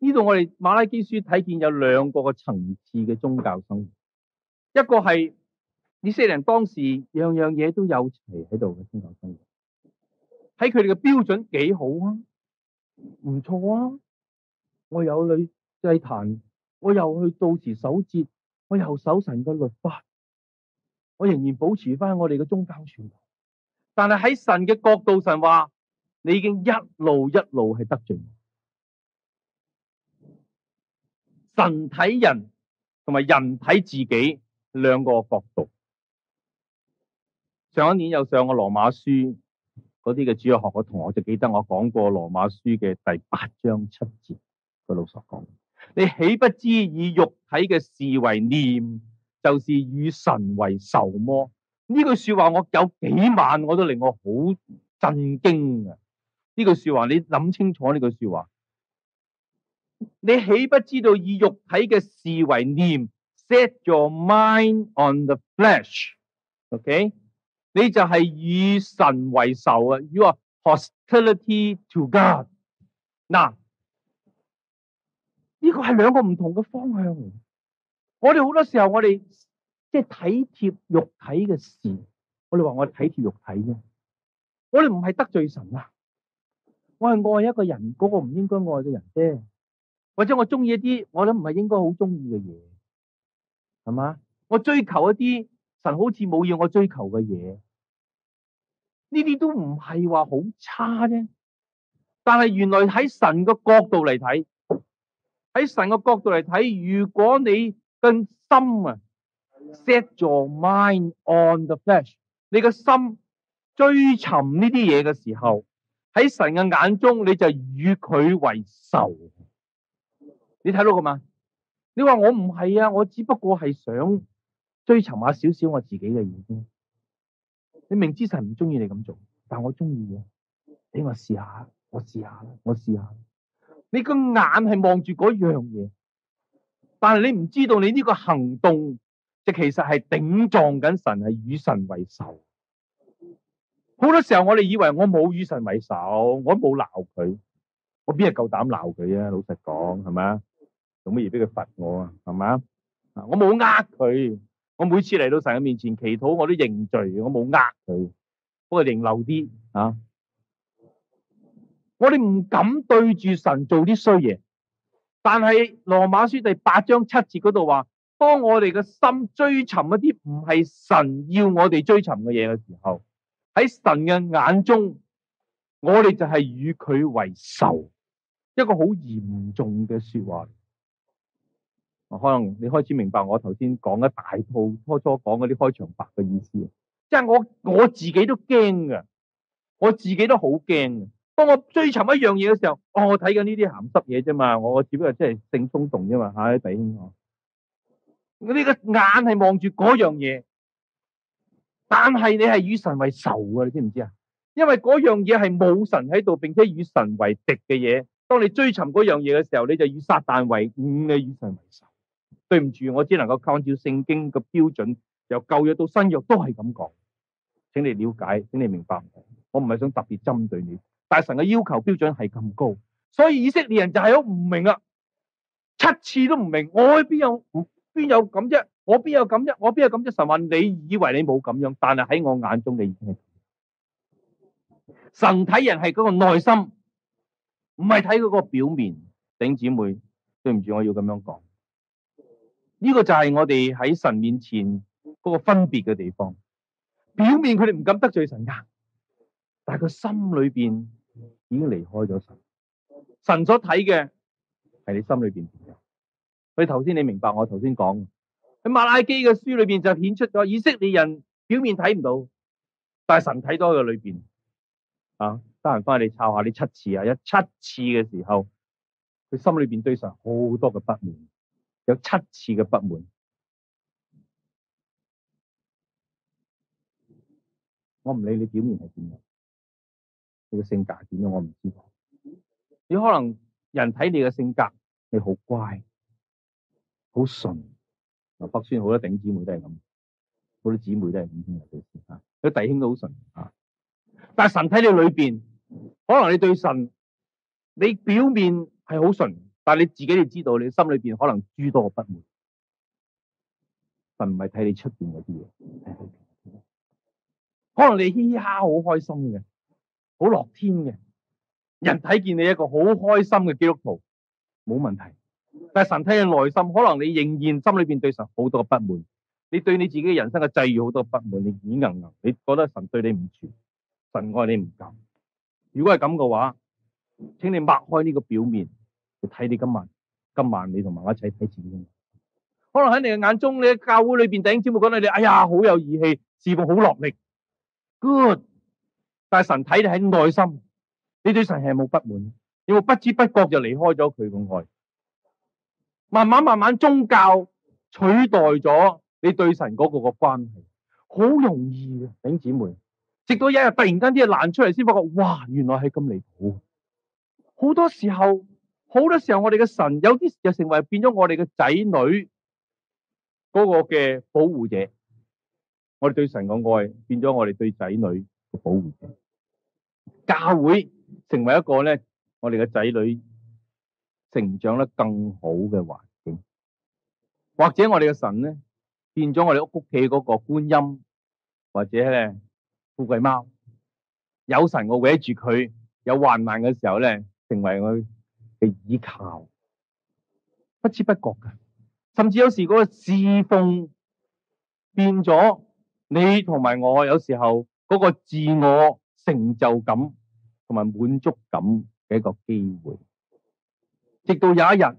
呢度我哋馬拉基書睇見有兩個嘅層次嘅宗教生活，一個係以色列人當時樣樣嘢都有齊喺度嘅宗教生活，睇佢哋嘅標準幾好啊，唔錯啊！我有嚟祭壇，我又去到時守節。我又守神嘅律法，我仍然保持翻我哋嘅宗教狀態。但係喺神嘅角度，上話你已經一路一路係得罪神睇人，同埋人睇自己兩個角度。上一年有上個羅馬書嗰啲嘅主日學嘅同學就記得我講過羅馬書嘅第八章七節，佢老實講。你豈不知以肉體嘅事為念，就是與神為仇麼？呢句說話我有幾晚我都令我好震驚啊！呢句說話你諗清楚呢句說話，你豈不知道以肉體嘅事為念？Set your mind on the flesh。OK，你就係以神為仇啊！You are hostility to God。嗱。呢個係兩個唔同嘅方向嚟。我哋好多時候，我哋即係體貼肉體嘅事，我哋話我哋體貼肉體啫。我哋唔係得罪神啊。我係愛一個人，嗰個唔應該愛嘅人啫，或者我中意一啲我諗唔係應該好中意嘅嘢，係嘛？我追求一啲神好似冇要我追求嘅嘢，呢啲都唔係話好差啫。但係原來喺神嘅角度嚟睇。喺神嘅角度嚟睇，如果你嘅心啊，set your mind on the flesh，你嘅心追尋呢啲嘢嘅時候，喺神嘅眼中你就與佢為仇。你睇到㗎嘛？你話我唔係啊，我只不過係想追尋下少少我自己嘅意啫。你明知神唔中意你咁做，但我中意嘅，你話試下，我試下我試下。你個眼係望住嗰樣嘢，但係你唔知道，你呢個行動就其實係頂撞緊神，係與神為仇。好多時候我哋以為我冇與神為仇，我都冇鬧佢，我邊係夠膽鬧佢啊？老實講，係咪啊？做乜嘢俾佢罰我啊？係咪啊？我冇呃佢，我每次嚟到神嘅面前祈禱，我都認罪，我冇呃佢，不過認漏啲啊。我哋唔敢對住神做啲衰嘢，但係羅馬書第八章七節嗰度話：當我哋嘅心追尋嗰啲唔係神要我哋追尋嘅嘢嘅時候，喺神嘅眼中，我哋就係與佢為仇，一個好嚴重嘅說話。可能你開始明白我頭先講一大套初初講嗰啲開場白嘅意思。即係我我自己都驚㗎，我自己都好驚。當我追尋一樣嘢嘅時候，哦，我睇緊呢啲咸濕嘢啫嘛，我只不過真係性衝動啫嘛，吓、哎、弟兄，我呢個眼係望住嗰樣嘢，但係你係與神為仇嘅，你知唔知啊？因為嗰樣嘢係冇神喺度，並且與神為敵嘅嘢。當你追尋嗰樣嘢嘅時候，你就以撒旦為伍、嗯、你與神為仇。對唔住，我只能夠按照聖經嘅標準，由舊約到新約都係咁講，請你了解，請你明白我，我唔係想特別針對你。大神嘅要求標準係咁高，所以以色列人就係好唔明啊，七次都唔明，我邊有邊有咁啫？我邊有咁啫？我邊有咁啫？神話你以為你冇咁樣，但係喺我眼中你已經係咁樣。神睇人係嗰個內心，唔係睇嗰個表面。頂姊妹，對唔住，我要咁樣講，呢個就係我哋喺神面前嗰個分別嘅地方。表面佢哋唔敢得罪神噶，但係佢心裏邊。已經離開咗神，神所睇嘅係你心裏邊點樣？所以頭先你明白我頭先講喺馬拉基嘅書裏邊就顯出咗以色列人表面睇唔到，但係神睇到嘅裏邊啊，得閒翻嚟抄下，你七次啊，有七次嘅時候佢心裏邊對神好多嘅不滿，有七次嘅不滿，我唔理你表面係點樣。你嘅性格點啊？我唔知喎。你可能人睇你嘅性格，你好乖，好純。劉伯川好多頂姊妹都係咁，好多姊妹都係咁，兄弟啊，佢弟兄都好純啊。但係神睇你裏邊，可能你對神，你表面係好純，但係你自己要知道，你心裏邊可能諸多不滿。神唔係睇你出邊嗰啲嘢，可能你嘻嘻哈好開心嘅。好樂天嘅人睇見你一個好開心嘅基督徒，冇問題。但係神睇見內心，可能你仍然心裏邊對神好多嘅不滿，你對你自己人生嘅際遇好多不滿，你軟硬硬，你覺得神對你唔住，神愛你唔夠。如果係咁嘅話，請你擘開呢個表面，去睇你今晚。今晚你同埋我一齊睇自己嘅。可能喺你嘅眼中，你喺教會裏邊頂尖，會講到你，哎呀，好有義氣，事奉好落力，good。但係神睇你喺內心，你對神係冇不滿？你冇不知不覺就離開咗佢咁愛？慢慢慢慢，宗教取代咗你對神嗰個個關係，好容易嘅，啊，弟兄姊妹。直到一日突然間啲嘢爛出嚟，先發覺哇，原來係咁離譜。好多時候，好多時候我哋嘅神有啲就成為變咗我哋嘅仔女嗰個嘅保護者，我哋對神嘅愛變咗我哋對仔女。保護，教會成為一個咧，我哋嘅仔女成長得更好嘅環境，或者我哋嘅神咧，變咗我哋屋企嗰個觀音，或者咧富貴貓，有神我搵住佢，有患難嘅時候咧，成為我嘅倚靠，不知不覺噶，甚至有時嗰個侍奉變咗，你同埋我有時候，嗰個自我成就感同埋滿足感嘅一個機會，直到有一日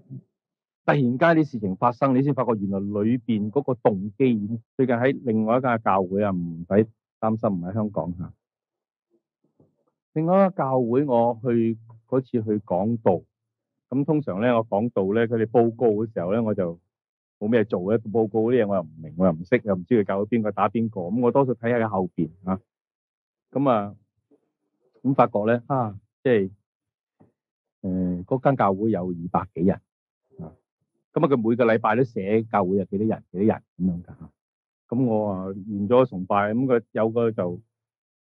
突然間啲事情發生，你先發覺原來裏邊嗰個動機。最近喺另外一間教會啊，唔使擔心，唔喺香港嚇。另外一間教會我，我去嗰次去講道，咁通常咧，我講道咧，佢哋報告嘅時候咧，我就冇咩做咧。報告啲嘢我又唔明，我又唔識，又唔知佢教咗邊個打邊個。咁我多數睇下佢後邊嚇。咁啊，咁發覺咧，啊，即係誒嗰間教會有二百幾人，嗯、ification mismo 啊，咁啊佢每個禮拜都寫教會有幾多人幾多人咁樣㗎嚇。咁我啊完咗崇拜，咁佢有個就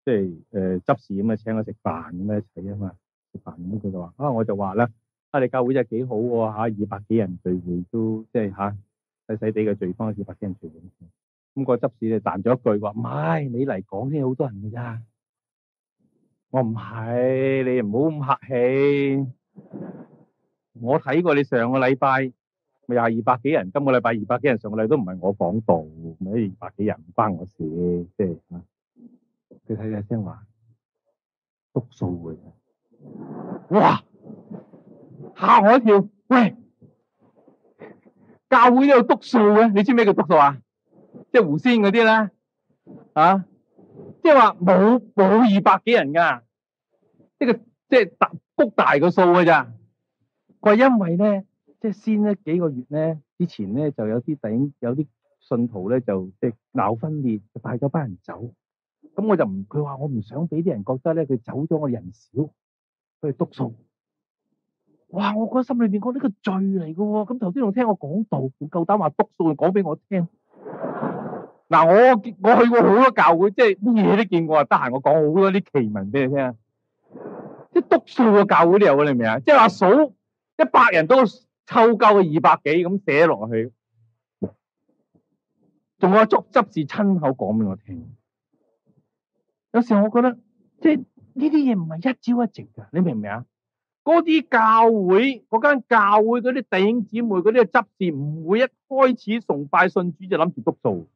即係誒執事啊嘛，請我食飯咁樣一齊啊嘛，食飯咁佢就話啊，我就話啦，啊你教會真係幾好喎嚇，二百幾人聚會都即係嚇細細哋嘅聚方都二百幾人聚會，咁個執事就彈咗一句話，唔係你嚟講先好多人㗎咋。我唔係，你唔好咁客氣。我睇過你上個禮拜咪廿二百幾人，今個禮拜二百幾人，上個禮拜都唔係我講道，咪二,二百幾人唔關我事，即係吓。你睇睇聲話督數嘅，哇，嚇我一跳。喂，教會都有督數嘅，你知咩叫督數啊？即係狐仙嗰啲咧，啊？即係話冇冇二百幾人噶，即係即係大，谷大個數噶咋？佢話因為咧，即係先一幾個月咧，之前咧就有啲頂有啲信徒咧就即係鬧分裂，就帶咗班人走。咁我就唔，佢話我唔想俾啲人覺得咧，佢走咗我人少，佢嚟督數。哇！我覺得心裏邊講呢個罪嚟噶，咁頭先仲聽我講道，你夠膽話督數講俾我聽？嗱，我我去過好多教會，即係咩嘢都見過啊！得閒我講好多啲奇聞俾你聽，即係督數個教會都有。嘅，你明唔明啊？即係話數一百人都湊夠二百幾咁寫落去，仲有捉執事親口講俾我聽。有時候我覺得即係呢啲嘢唔係一朝一夕噶，你明唔明啊？嗰啲教會，嗰間教會嗰啲弟兄姊妹嗰啲執事唔會一開始崇拜信主就諗住督數。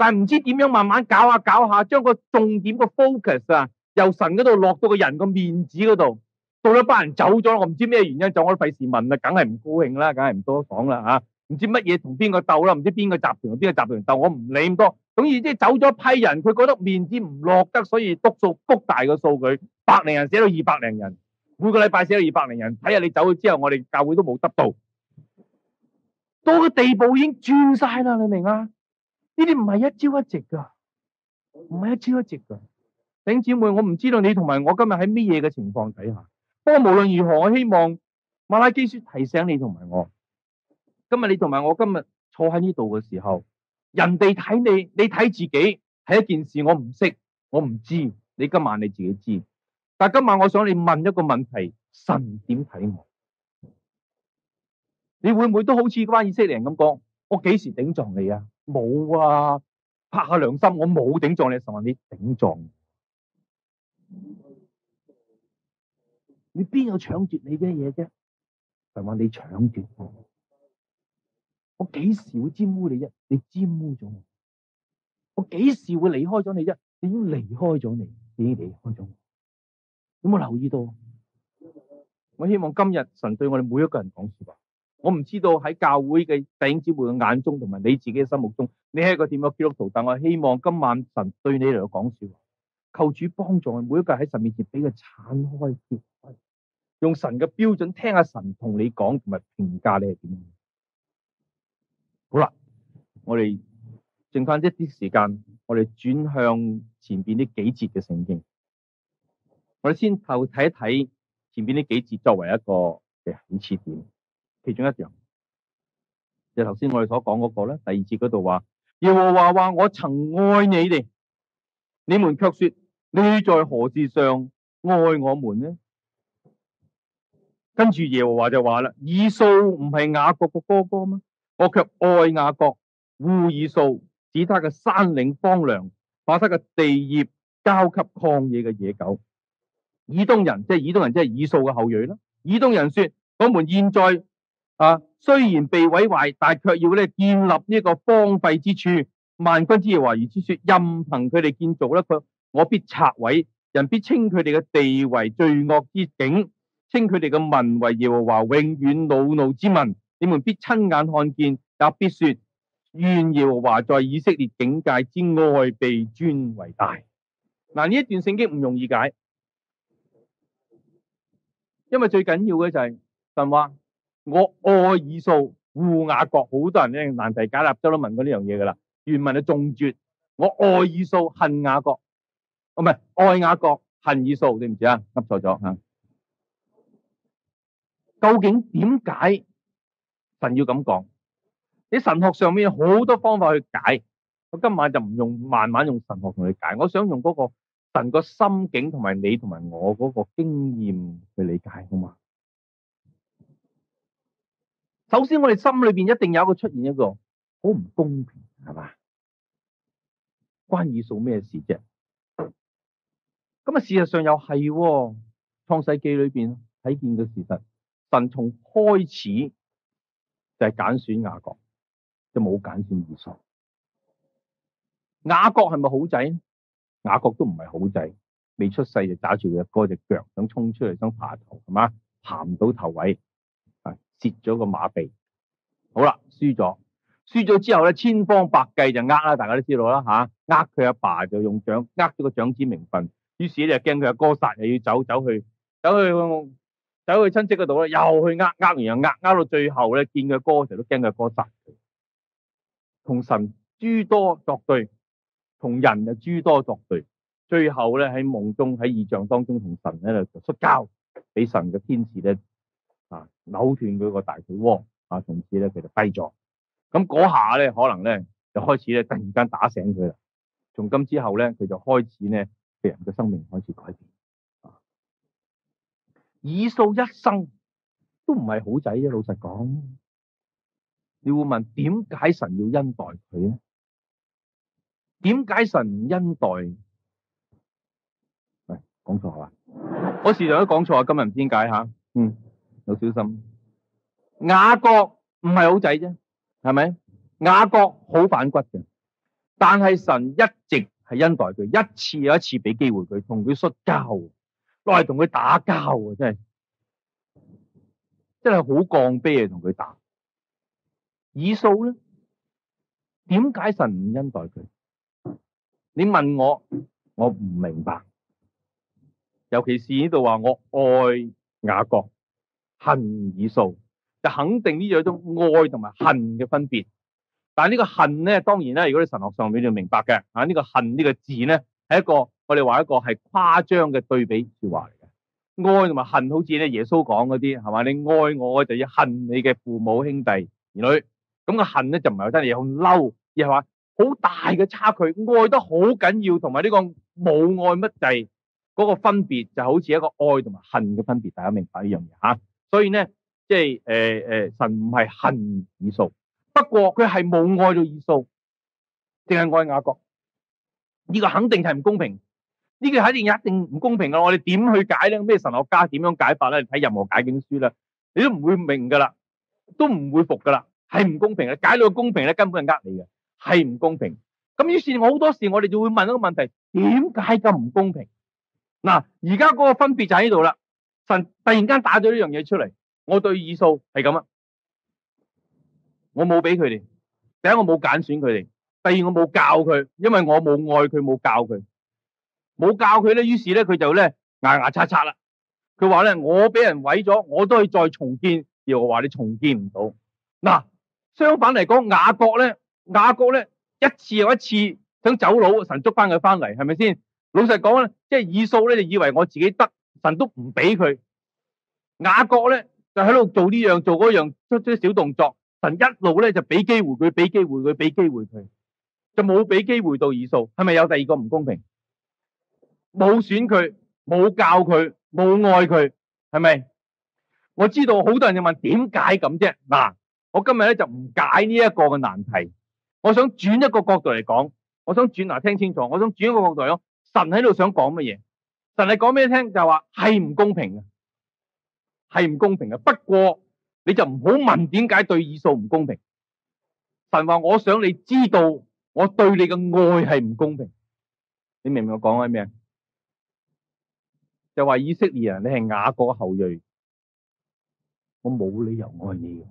但唔知點樣慢慢搞下搞下，將個重點個 focus 啊，由神嗰度落到個人個面子嗰度。到咗班人走咗，我唔知咩原因就我都費事問啦，梗係唔高興啦，梗係唔多講啦嚇。唔知乜嘢同邊個鬥啦，唔知邊個集團同邊個集團鬥，我唔理咁多。總而即係走咗一批人，佢覺得面子唔落得，所以督數谷大嘅數據，百零人寫到二百零人，每個禮拜寫到二百零人。睇下你走咗之後，我哋教會都冇得到，到個地步已經轉晒啦，你明啊？呢啲唔係一朝一夕㗎，唔係一朝一夕㗎。頂姊妹，我唔知道你同埋我今日喺乜嘢嘅情況底下。不過無論如何，我希望馬拉基書提醒你同埋我，今日你同埋我今日坐喺呢度嘅時候，人哋睇你，你睇自己係一件事我。我唔識，我唔知。你今晚你自己知。但係今晚我想你問一個問題：神點睇我？你會唔會都好似嗰班以色列人咁講？我幾時頂撞你啊？冇啊！拍下良心，我冇頂撞你。神話你頂撞，你邊有搶奪你嘅嘢啫？神話你搶奪我，我幾時會玷污你啫？你玷污咗我，我幾時會離開咗你啫？你已經離開咗你，你已經離開咗我，有冇留意到？我希望今日神對我哋每一個人講說話。我唔知道喺教會嘅弟兄姊妹嘅眼中，同埋你自己的心目中，你係一個點嘅基督徒？但我希望今晚神對你嚟講說話，求主幫助，每一個喺神面前俾佢鏟開揭開用神嘅標準聽下神同你講，同埋評價你係點。好啦，我哋剩翻一啲時間，我哋轉向前面啲幾節嘅聖經，我哋先頭睇一睇前面啲幾節，作為一個起始點。其中一樣就頭、是、先我哋所講嗰、那個咧，第二節嗰度話，耶和華話我曾愛你哋，你們卻說你在何事上愛我們呢？跟住耶和華就話啦，以掃唔係雅各嘅哥哥咩？我卻愛雅各，惡以掃，使他嘅山嶺荒涼，把他嘅地業交給曠野嘅野狗。以東人即係以東人，即係以掃嘅後裔啦。以東人說，我們現在。啊！雖然被毀壞，但係卻要建立呢一個荒廢之處。萬軍之耶和華如此說：任憑佢哋建造佢，我必拆毀，人必稱佢哋嘅地為罪惡之境，稱佢哋嘅民為耶和華永遠惱怒之民。你們必親眼看見，也必說，願耶和華在以色列境界之外被尊為大。嗱，呢一段聖經唔容易解，因為最緊要嘅就係神話。我愛以掃，惡雅各，好多人咧，難題解答都都問過呢樣嘢噶啦。原文係仲絕，我愛以掃，恨雅各，哦唔係，愛雅各，恨以掃，你唔知啊？噏錯咗吓。究竟點解神要咁講？你神學上面好多方法去解，我今晚就唔用，慢慢用神學同你解。我想用嗰個神個心境同埋你同埋我嗰個經驗去理解，好嘛？首先，我哋心裏邊一定有一個出現一個好唔公平，係嘛？關以掃咩事啫？咁啊，事實上又係、哦《創世記》裏邊睇見嘅事實，神從開始就係揀選雅各，就冇揀選以掃。雅各係咪好仔？雅各都唔係好仔，未出世就打住佢阿哥隻腳，想衝出嚟想爬頭，係嘛？爬唔到頭位。折咗個馬鼻，好啦，輸咗，輸咗之後咧，千方百計就呃啦，大家都知道啦吓，呃佢阿爸就用掌呃咗個長子名分，於是咧就驚佢阿哥殺，又要走走去走去走去親戚嗰度咧，又去呃，呃然又呃，呃到最後咧見佢阿哥嘅時候都驚佢阿哥殺，同神諸多作對，同人啊諸多作對，最後咧喺夢中喺異象當中同神喺度摔跤，俾神嘅天使咧。啊！扭斷佢個大腿窩啊，從此咧佢就低咗咁嗰下咧，可能咧就開始咧突然間打醒佢啦。從今之後咧，佢就開始咧病人嘅生命開始改變啊。以掃一生都唔係好仔啫，老實講，你會問，點解神要恩待佢咧？點解神唔恩待？喂、哎，講錯啊！ [LAUGHS] 我時常都講錯啊，今日唔知點解吓嗯。有小心，雅各唔係好仔啫，係咪？雅各好反骨嘅，但係神一直係恩待佢，一次又一次俾機會佢，同佢摔跤，來同佢打交，啊。真係真係好降卑啊！同佢打以掃咧，點解神唔恩待佢？你問我，我唔明白，尤其是呢度話我愛雅各。恨，以掃就肯定呢種愛同埋恨嘅分別，但係呢個恨咧，當然咧，如果你神學上面就明白嘅啊。呢、這個恨呢個字咧，係一個我哋話一個係誇張嘅對比說話嚟嘅。愛同埋恨好似咧耶穌講嗰啲係嘛，你愛我就要恨你嘅父母兄弟兒女，咁、嗯、個恨咧就唔係有真係好嬲，而係話好大嘅差距。愛得好緊要，同埋呢個冇愛乜滯嗰個分別，就好、是、似一個愛同埋恨嘅分別，大家明白呢樣嘢吓？所以呢，即係誒誒，神唔係恨以掃，不過佢係冇愛到以掃，淨係愛雅各。呢個肯定係唔公平，呢個肯定一定唔公平噶。我哋點去解呢？咩神學家點樣解法呢？你睇任何解經書啦，你都唔會明噶啦，都唔會服噶啦，係唔公平嘅。解到公平咧，根本係呃你嘅，係唔公平。咁於是我好多時，我哋就會問一個問題：點解咁唔公平？嗱，而家嗰個分別就喺呢度啦。突然間打咗呢樣嘢出嚟，我對以掃係咁啊！我冇俾佢哋，第一我冇揀選佢哋，第二我冇教佢，因為我冇愛佢，冇教佢，冇教佢咧。於是咧，佢就咧牙牙擦擦啦。佢話咧，我俾人毀咗，我都係再重建，又我話你重建唔到。嗱、啊，相反嚟講，雅各咧，雅各咧，一次又一次想走佬，神捉翻佢翻嚟，係咪先？老實講咧，即係以掃咧，就以為我自己得。神都唔俾佢，雅各呢就喺度做呢樣做嗰樣，出啲小動作。神一路呢就俾機會佢，俾機會佢，俾機會佢，就冇俾機會到以掃，係咪有第二個唔公平？冇選佢，冇教佢，冇愛佢，係咪？我知道好多人就問點解咁啫。嗱，我今日呢就唔解呢一個嘅難題。我想轉一個角度嚟講，我想轉嚟聽清楚，我想轉一個角度嚟講。神喺度想講乜嘢？神係講俾你聽，就話係唔公平嘅，係唔公平嘅。不過你就唔好問點解對以掃唔公平。神話我想你知道我對你嘅愛係唔公平。你明唔明我講緊咩啊？就話以色列人，你係雅各嘅後裔，我冇理由愛你嘅。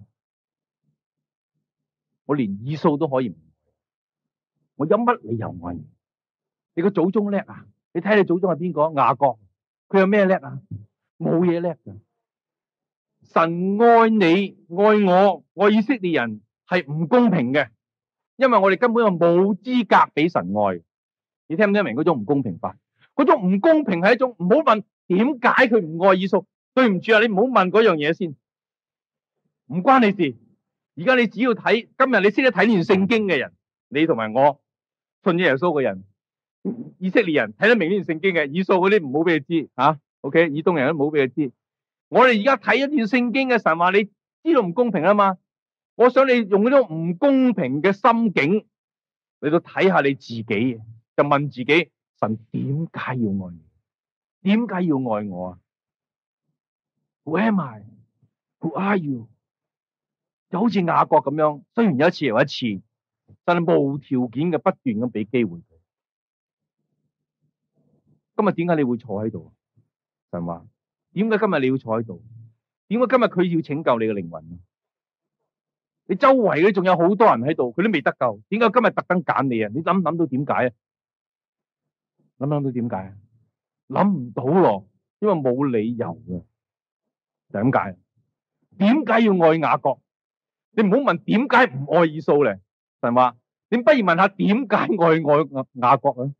我連以掃都可以唔愛，我有乜理由愛你？你個祖宗叻啊！你睇你祖宗係邊個？雅各，佢有咩叻啊？冇嘢叻㗎。神愛你愛我愛以色列人係唔公平嘅，因為我哋根本就冇資格俾神愛。你聽唔聽明嗰種唔公平法？嗰種唔公平係一種，唔好問點解佢唔愛以掃。對唔住啊，你唔好問嗰樣嘢先，唔關你事。而家你只要睇今日你識得睇完聖經嘅人，你同埋我信耶穌嘅人。以色列人睇得明呢段聖經嘅，以掃嗰啲唔好俾佢知吓，啊，OK？以東人都唔好俾佢知。我哋而家睇一段聖經嘅神話，你知道唔公平啦嘛？我想你用嗰種唔公平嘅心境嚟到睇下你自己，就問自己：神點解要愛你？點解要愛我啊？Where am I? Who are you？就好似雅各咁樣，雖然有一次又一次，但係無條件嘅不斷咁俾機會。今日點解你會坐喺度啊？神話，點解今日你要坐喺度？點解今日佢要拯救你嘅靈魂啊？你周圍嘅仲有好多人喺度，佢都未得救。點解今日特登揀你啊？你諗諗到點解啊？諗諗到點解啊？諗唔到咯，因為冇理由嘅。就咁解。點解要愛雅各？你唔好問點解唔愛以掃咧。神話，你不如問下點解愛愛雅雅各啊？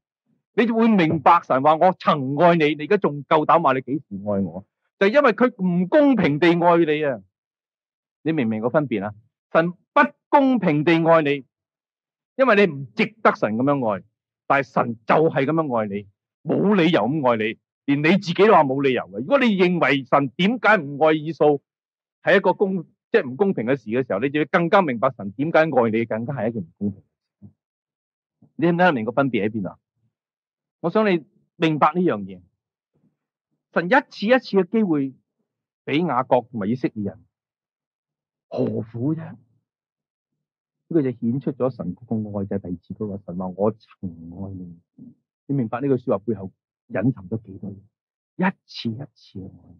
你會明白神話我曾愛你，你而家仲夠膽話你幾時愛我？就係因為佢唔公平地愛你啊！你明唔明個分別啊？神不公平地愛你，因為你唔值得神咁樣愛，但係神就係咁樣愛你，冇理由咁愛你，連你自己都話冇理由。如果你認為神點解唔愛以掃係一個公即係唔公平嘅事嘅時候，你就會更加明白神點解愛你更加係一件唔公平嘅事。你聽唔聽得明個分別喺邊啊？我想你明白呢樣嘢，神一次一次嘅機會畀雅各同埋以色列人，何苦啫？呢個就顯出咗神嗰個愛就係、是、第二次嘅話，神話我曾愛你，你明白呢句說話背後隱藏咗幾多嘢？一次一次嘅愛，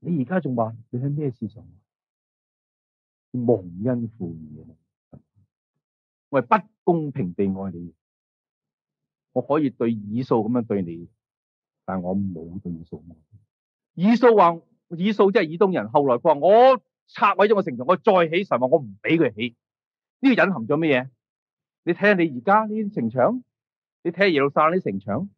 你而家仲話你喺咩事上忘恩負義啊？我係不公平地愛你。我可以對以掃咁樣對你，但我冇對以掃。以掃話：以掃即係以東人。後來佢話我拆毀咗個城牆，我再起神話，我唔俾佢起。呢、這個隱含咗乜嘢？你睇下你而家呢啲城牆，你睇下耶路撒冷啲城牆，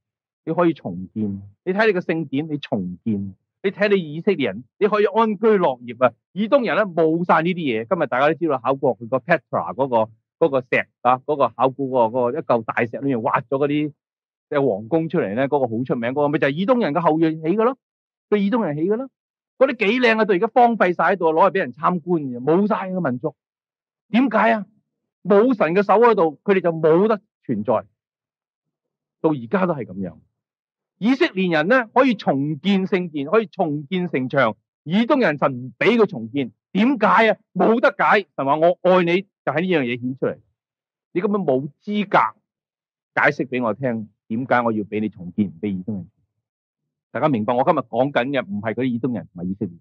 你可以重建。你睇你個聖殿，你重建。你睇你以色列人，你可以安居樂業啊！以東人咧冇晒呢啲嘢。今日大家都知道考過佢個 Petra 嗰、那個。嗰個石啊，嗰、那個考古個、那個一嚿大石裏面挖咗嗰啲即係皇宮出嚟咧，嗰、那個好出名，嗰、那個咪就係以東人個後裔起嘅咯，對以東人起嘅咯，嗰啲幾靚啊！到而家荒廢晒喺度，攞嚟俾人參觀嘅，冇晒嘅民族，點解啊？冇神嘅手喺度，佢哋就冇得存在，到而家都係咁樣。以色列人呢，可以重建聖殿，可以重建城牆，以東人神唔俾佢重建，點解啊？冇得解，係嘛？我愛你。就喺呢樣嘢顯出嚟，你根本冇資格解釋俾我聽，點解我要俾你重建唔俾以東人？大家明白我今日講緊嘅，唔係嗰啲以東人同埋以色列，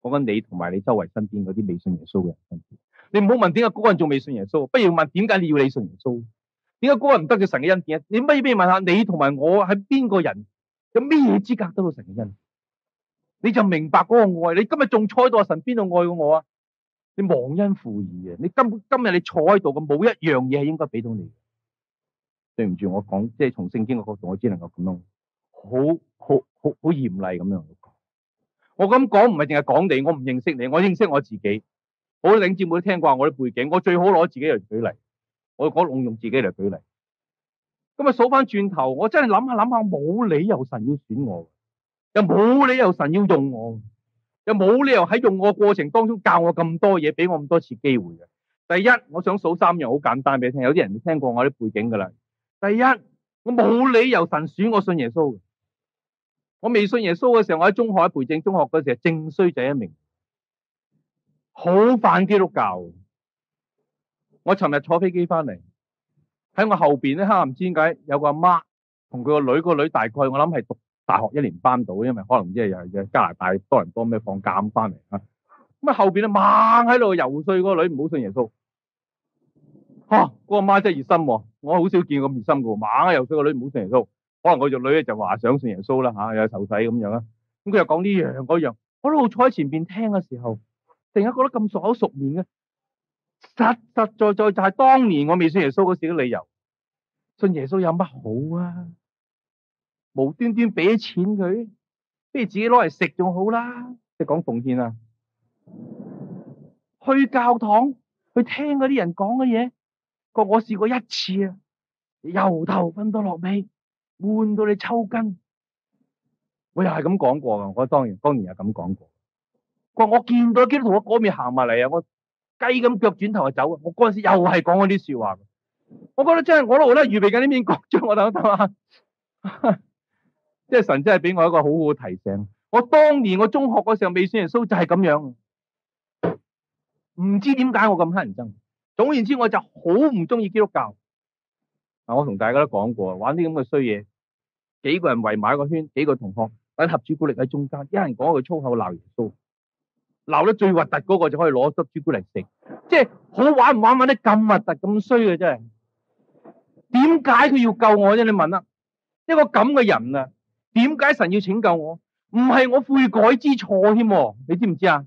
講緊你同埋你周圍身邊嗰啲未信耶穌嘅人。你唔好問點解嗰個人仲未信耶穌，不如問點解你要你信耶穌？點解嗰個人唔得着神嘅恩典？你咪咪問下你同埋我喺邊個人有咩資格得到神嘅恩？你就明白嗰個愛。你今日仲猜到神邊度愛過我啊？你忘恩負義啊！你今今日你坐喺度嘅，冇一樣嘢係應該俾到你嘅。對唔住，我講即係從聖經嘅角度，我只能夠咁樣，好好好好嚴厲咁樣。我咁講唔係淨係講你，我唔認識你，我認識我自己。我啲領節會都聽過我啲背景，我最好攞自己嚟舉例。我我用用自己嚟舉例。咁啊數翻轉頭，我真係諗下諗下，冇理由神要選我，又冇理由神要用我。又冇理由喺用我過程當中教我咁多嘢，畀我咁多次機會嘅。第一，我想數三樣，好簡單俾你聽。有啲人聽過我啲背景噶啦。第一，我冇理由神選我信耶穌。我未信耶穌嘅時候，我喺中學喺培正中學嗰時係正衰仔一名，好反基督教。我尋日坐飛機翻嚟，喺我後邊咧，吓唔知點解有個阿媽同佢個女，嗰個女大概我諗係讀。大學一年班到，因為可能即係又係加拿大多人幫咩放假咁翻嚟啊。咁啊後邊咧猛喺度游說個女唔好信耶穌。吓、啊、嗰、那個媽真係熱心，我好少見咁熱心噶。猛啊游說個女唔好信耶穌。可能個弱女咧就話想信耶穌啦吓，有仇仔咁樣啊。咁佢又講呢樣嗰樣，啊、我一路坐喺前邊聽嘅時候，突然間覺得咁熟口熟面嘅，實實在在，在，在就係、是、當年我未信耶穌嗰時嘅理由。信耶穌有乜好啊？無端端俾錢佢，不如自己攞嚟食仲好啦。即係講奉獻啊！去教堂去聽嗰啲人講嘅嘢，我我試過一次啊，由頭瞓到落尾，悶到你抽筋。我又係咁講過噶我當然當然係咁講過。我我見到基督徒嗰面行埋嚟啊，我雞咁腳轉頭就走。我嗰陣時又係講嗰啲說話。我覺得真係我都我都預備緊呢面講咗我頭先啊。即係神真係畀我一個好好嘅提醒。我當年我中學嗰時候未選耶穌就係咁樣，唔知點解我咁乞人憎。總言之，我就好唔中意基督教。嗱，我同大家都講過，玩啲咁嘅衰嘢，幾個人圍埋一個圈，幾個同學揾盒朱古力喺中間，一人講一句粗口鬧人多，鬧得最核突嗰個就可以攞粒朱古力食。即係好玩唔玩？玩得咁核突咁衰嘅真係。點解佢要救我啫？你問啦，一個咁嘅人啊！點解神要拯救我？唔係我悔改之錯添，你知唔知啊？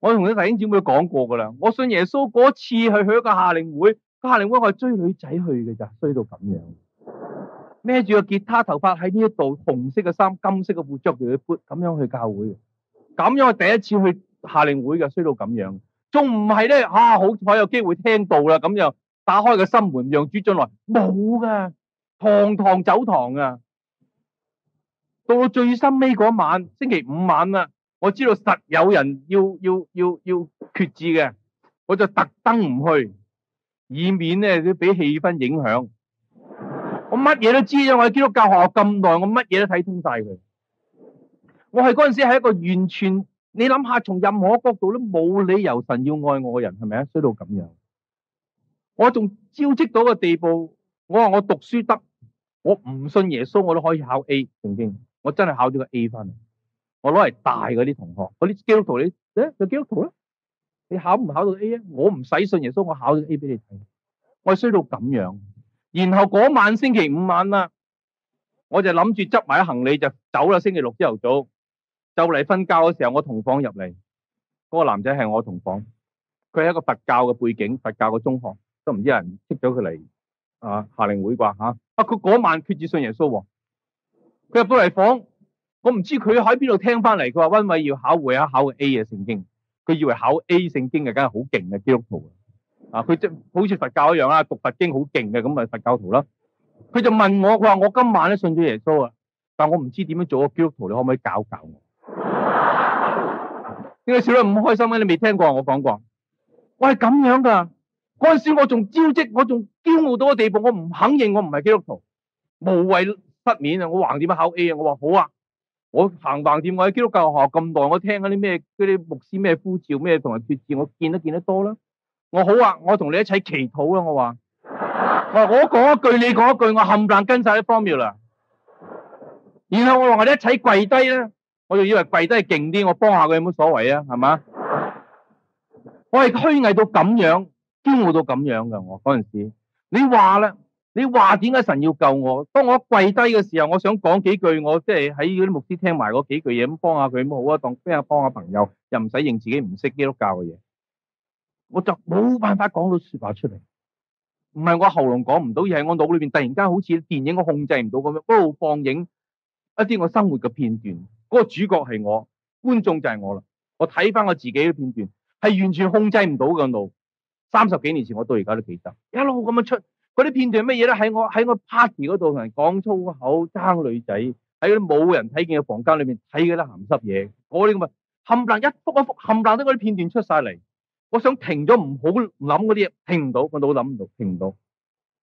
我同你弟兄姊妹講過噶啦。我信耶穌嗰次去去一個夏令會，個夏令會我係追女仔去嘅咋，衰到咁樣，孭住個吉他，頭髮喺呢一度，紅色嘅衫，金色嘅褲着住，咁樣去教會，咁樣第一次去夏令會嘅，衰到咁樣，仲唔係咧？啊，好彩有機會聽到啦，咁樣打開個心門，讓主進來，冇噶，堂堂走堂啊！到最尾嗰晚，星期五晚啦，我知道實有人要要要要決志嘅，我就特登唔去，以免咧啲俾氣氛影響。我乜嘢都知，因為喺基督教學咁耐，我乜嘢都睇通晒佢。我係嗰陣時係一個完全，你諗下，從任何角度都冇理由神要愛我嘅人，係咪啊？衰到咁樣，我仲招積到個地步，我話我讀書得，我唔信耶穌，我都可以考 A，曾經我真係考咗個 A 翻嚟，我攞嚟大嗰啲同學，嗰啲基督徒你咧有基督徒啦？你考唔考到 A 啊？我唔使信耶穌，我考咗 A 俾你睇，我衰到咁樣。然後嗰晚星期五晚啦，我就諗住執埋啲行李就走啦。星期六朝頭早就嚟瞓覺嘅時候，我同房入嚟，嗰個男仔係我同房，佢係一個佛教嘅背景，佛教嘅中學都唔知有人識咗佢嚟啊，夏令會啩吓？啊，佢嗰晚決志信耶穌。佢入到嚟房，我唔知佢喺邊度聽翻嚟。佢話，溫偉耀考會考考 A 嘅聖經。佢以為考 A 聖經嘅梗係好勁嘅基督徒啊。佢即好似佛教一樣啊，讀佛經好勁嘅咁咪佛教徒啦。佢就問我，佢話，我今晚咧信咗耶穌啊，但我唔知點樣做個基督徒，你可唔可以教教我？呢個笑得唔開心咩？你未聽過我講過，我講過，喂，係咁樣噶。嗰陣時我仲焦職，我仲驕傲到個地步，我唔肯認我唔係基督徒，無謂。失眠啊！我橫掂要考 A 啊！我話好啊！我行橫掂，我喺基督教學校咁耐，我聽嗰啲咩啲牧師咩呼召咩同埋決志，我見都見得多啦。我好啊！我同你一齊祈禱啊！我話我話我講一句你講一句，我冚唪唥跟晒啲 formula 啦。然後我話我哋一齊跪低啦，我就以為跪低係勁啲，我幫下佢有乜所謂啊？係嘛？我係虛偽到咁樣，驕傲到咁樣噶。我嗰陣時，你話啦。你話點解神要救我？當我跪低嘅時候，我想講幾句，我即係喺嗰啲牧師聽埋嗰幾句嘢，咁幫下佢咁好啊，當邊下幫下朋友，又唔使認自己唔識基督教嘅嘢，我就冇辦法講到說話出嚟。唔係我喉嚨講唔到，而係我腦裏邊突然間好似電影，我控制唔到咁樣一路放映一啲我生活嘅片段，嗰個主角係我，觀眾就係我啦。我睇翻我自己嘅片段，係完全控制唔到個腦。三十幾年前我到而家都記得，一路咁樣出。嗰啲片段係乜嘢咧？喺我喺我 party 嗰度同人講粗口、爭女仔，喺啲冇人睇見嘅房間裏面睇嗰啲鹹濕嘢。我呢咁啊，冚唪唥一幅一幅冚唪唥啲嗰啲片段出晒嚟。我想停咗，唔好諗嗰啲嘢，聽唔到，我都諗唔到，聽唔到。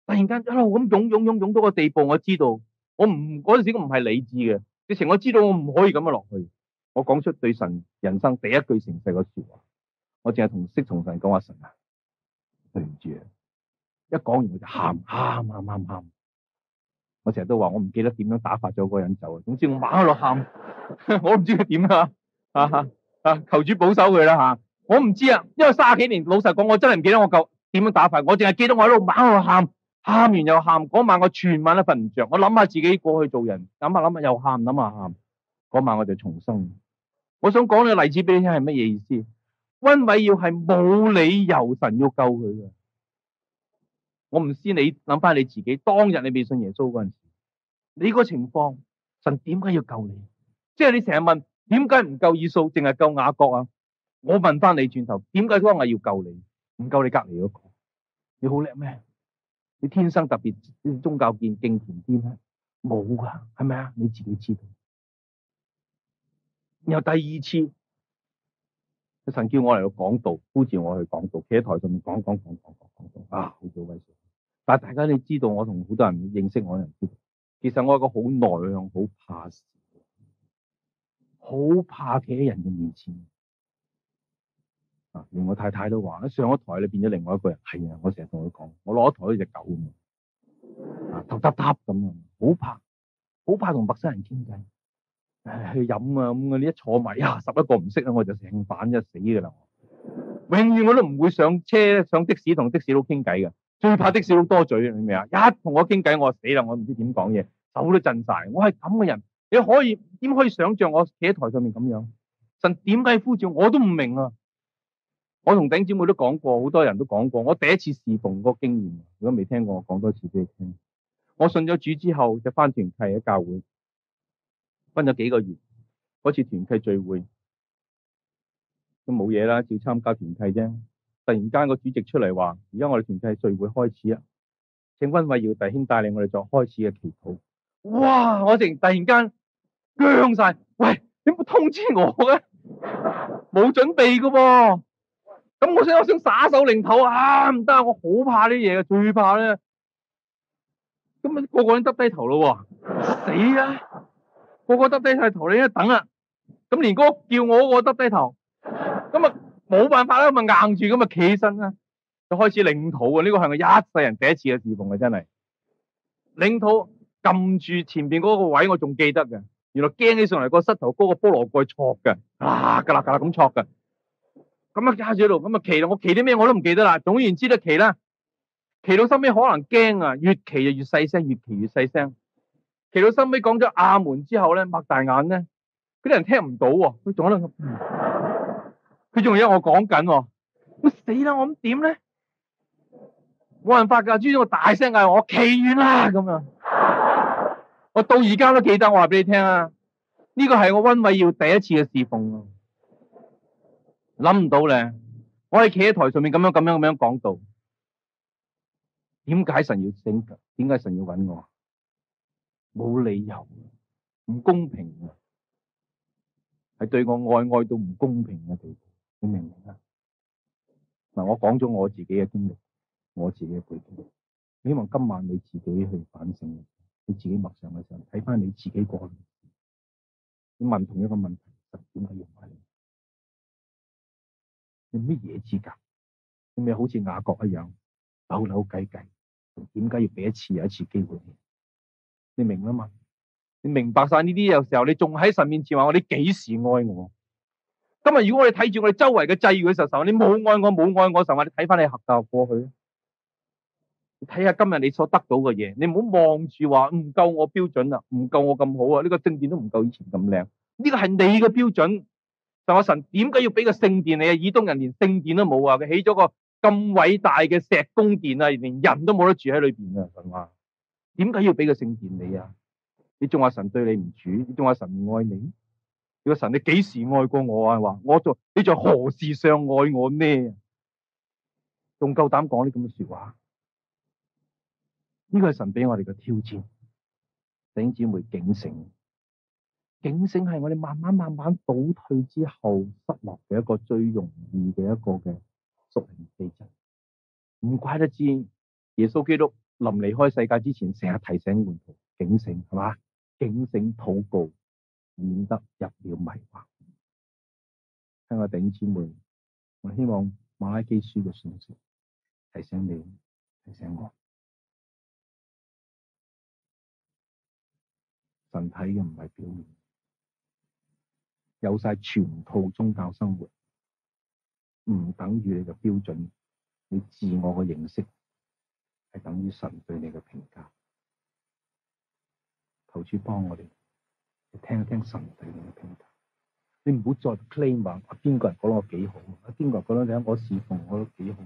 突然間一路咁湧湧湧湧到個地步，我知道我唔嗰陣時唔係理智嘅。直情我知道我唔可以咁樣落去，我講出對神人生第一句誠實嘅說話。我淨係同識從神講話，神啊，對唔住啊。一講完我就喊喊喊喊。我成日都話我唔記得點樣打發咗嗰個人走。總之我猛喺度喊， [LAUGHS] 我唔知佢點啊！啊啊！求主保守佢啦吓！我唔知啊，因為卅幾年，老實講，我真係唔記得我夠點樣打發。我淨係記得我喺度猛喺度喊，喊完又喊。嗰晚我全晚都瞓唔着，我諗下自己過去做人，諗下諗下又喊，諗下喊。嗰晚我就重生。我想講嘅例子俾你聽係乜嘢意思？溫偉耀係冇理由神要救佢嘅。我唔知你諗翻你自己當日你未信耶穌嗰陣，你個情況神點解要救你？即係你成日問點解唔救以掃，淨係救雅各啊？我問翻你轉頭，點解哥係要救你，唔救你隔籬嗰個？你好叻咩？你天生特別宗教見敬虔啲咩？冇噶，係咪啊？你自己知道。然後第二次。佢神叫我嚟到講道，呼召我去講道，企喺台上面講講講講講講，啊好威水！但係大家你知道，我同好多人認識我嘅人知道，其實我係個好內向、好怕事、好怕企喺人嘅面前。啊，連我太太都話，上一上咗台你變咗另外一個人。係啊，我成日同佢講，我落咗台好似隻狗咁啊，頭耷耷咁啊，好怕，好怕同陌生人傾偈。去飲啊！咁我呢一坐埋呀、啊，十一個唔識啦，我就成板一死噶啦！永遠我都唔會上車、上的士同的士佬傾偈噶，最怕的士佬多嘴。你明啊？一同我傾偈，我死啦！我唔知點講嘢，手都震晒。我係咁嘅人，你可以點可以想象我企喺台上面咁樣？神點解呼召我都唔明啊！我同頂姊妹都講過，好多人都講過。我第一次侍奉嗰個經驗，如果未聽過，我講多次俾你聽。我信咗主之後，就翻團契喺教會。分咗幾個月，嗰次團契聚會都冇嘢啦，照參加團契啫。突然間個主席出嚟話：而家我哋團契聚會開始啊！」請溫偉耀弟兄帶領我哋作開始嘅祈禱。哇！我成突然間僵晒，喂，點會通知我嘅？冇準備噶噃、啊，咁我想我想耍手擰頭啊，唔得，我好怕呢嘢嘅，最怕咧，咁、那、啊個個人耷低頭咯、啊，死啦、啊！個個耷低晒頭，你喺度等啊！咁連哥叫我個耷低頭，咁啊冇辦法啦，咁啊硬住咁啊企起身啦，就開始領土啊！呢個係我一世人第一次嘅事奉啊，真係領土撳住前邊嗰個位，我仲記得嘅。原來驚起上嚟個膝頭哥個菠蘿蓋戳嘅，啊，嘎啦嘎啦，咁戳嘅。咁啊揸住喺度，咁啊企到我企啲咩我都唔記得啦。總言之都企啦，企到收尾可能驚啊，越企就越細聲，越企越細聲。嚟到收尾講咗阿門之後咧，擘大眼咧，嗰啲人聽唔到喎，佢仲可能佢仲有我講緊、啊，咁、啊、死啦，我咁點咧？冇辦法噶，終於我大聲嗌我企遠啦咁樣，我到而家都記得，我話俾你聽啊，呢個係我溫偉耀第一次嘅侍奉啊，諗唔到咧，我喺企喺台上面咁樣咁樣咁樣講道，點解神要拯救？點解神要揾我？冇理由，唔公平嘅，係對我愛愛到唔公平嘅地步，你明唔明啊？嗱，我講咗我自己嘅經歷，我自己嘅背景，希望今晚你自己去反省，你自己默想嘅時候睇翻，你自己過去，你問同一個問題就點解要用你？你乜嘢資格？你咪好似雅各一樣扭扭計計，點解要俾一次又一次機會你？你明啊嘛？你明白晒呢啲，有時候你仲喺神面前話，我你幾時愛我？今日如果你看我哋睇住我哋周圍嘅際遇嘅時候，你冇愛我，冇愛我，神話，你睇翻你合教過去。你睇下今日你所得到嘅嘢，你唔好望住話唔夠我標準啦，唔夠我咁好啊？呢、這個聖殿都唔夠以前咁靚，呢個係你嘅標準。神話，神點解要俾個聖殿你啊？以東人連聖殿都冇啊，佢起咗個咁偉大嘅石宮殿啊，連人都冇得住喺裏面啊！神話。點解要畀個聖殿你啊？你仲話神對你唔住，你仲話神唔愛你？你、這個神你幾時愛過我啊？話我做，你在何事上愛我咩？仲夠膽講啲咁嘅說話？呢、這個係神畀我哋嘅挑戰，弟兄姊、姊妹警醒，警醒係我哋慢慢慢慢倒退之後失落嘅一個最容易嘅一個嘅屬靈氣質。唔怪得知耶穌基督。臨離開世界之前，成日提醒信徒警醒，係嘛？警醒禱告，免得入了迷惑。聽我頂姊妹，我希望馬拉基書嘅信息提醒你，提醒我，神睇嘅唔係表面，有晒全套宗教生活，唔等於你嘅標準，你自我嘅認識。係等於神對你嘅評價，求主幫我哋去聽一聽神對你嘅評價。你唔好再 claim 話、啊、邊個人覺得我幾好，邊個人覺得你，我侍奉我都幾好，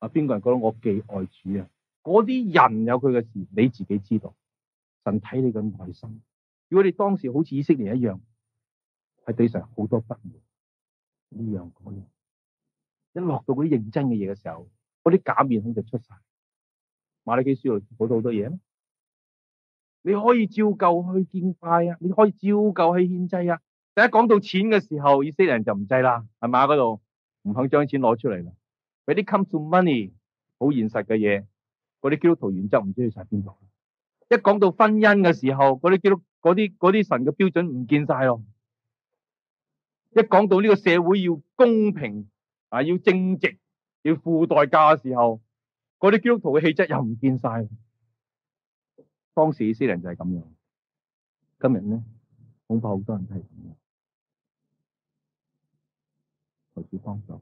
啊邊個人覺得我幾、啊、愛主啊？嗰啲人有佢嘅事，你自己知道。神睇你嘅內心。如果你當時好似以色列一樣，係對神好多不滿，呢樣嗰樣，一落到嗰啲認真嘅嘢嘅時候，嗰啲假面孔就出晒。瑪拉基書內好多好多嘢你可以照舊去敬拜啊，你可以照舊去獻祭啊。但一講到錢嘅時候，以色列人就唔制啦，係咪？嗰度唔肯將啲錢攞出嚟啦。畀啲 come-to-money 好現實嘅嘢，嗰啲基督徒原則唔知去晒邊度。一講到婚姻嘅時候，嗰啲基督啲啲神嘅標準唔見晒咯。一講到呢個社會要公平啊，要正直，要付代價嘅時候。嗰啲基督徒嘅氣質又唔見曬，當時嘅先人就係咁樣，今日呢恐怕好多人都係咁樣，求主幫助。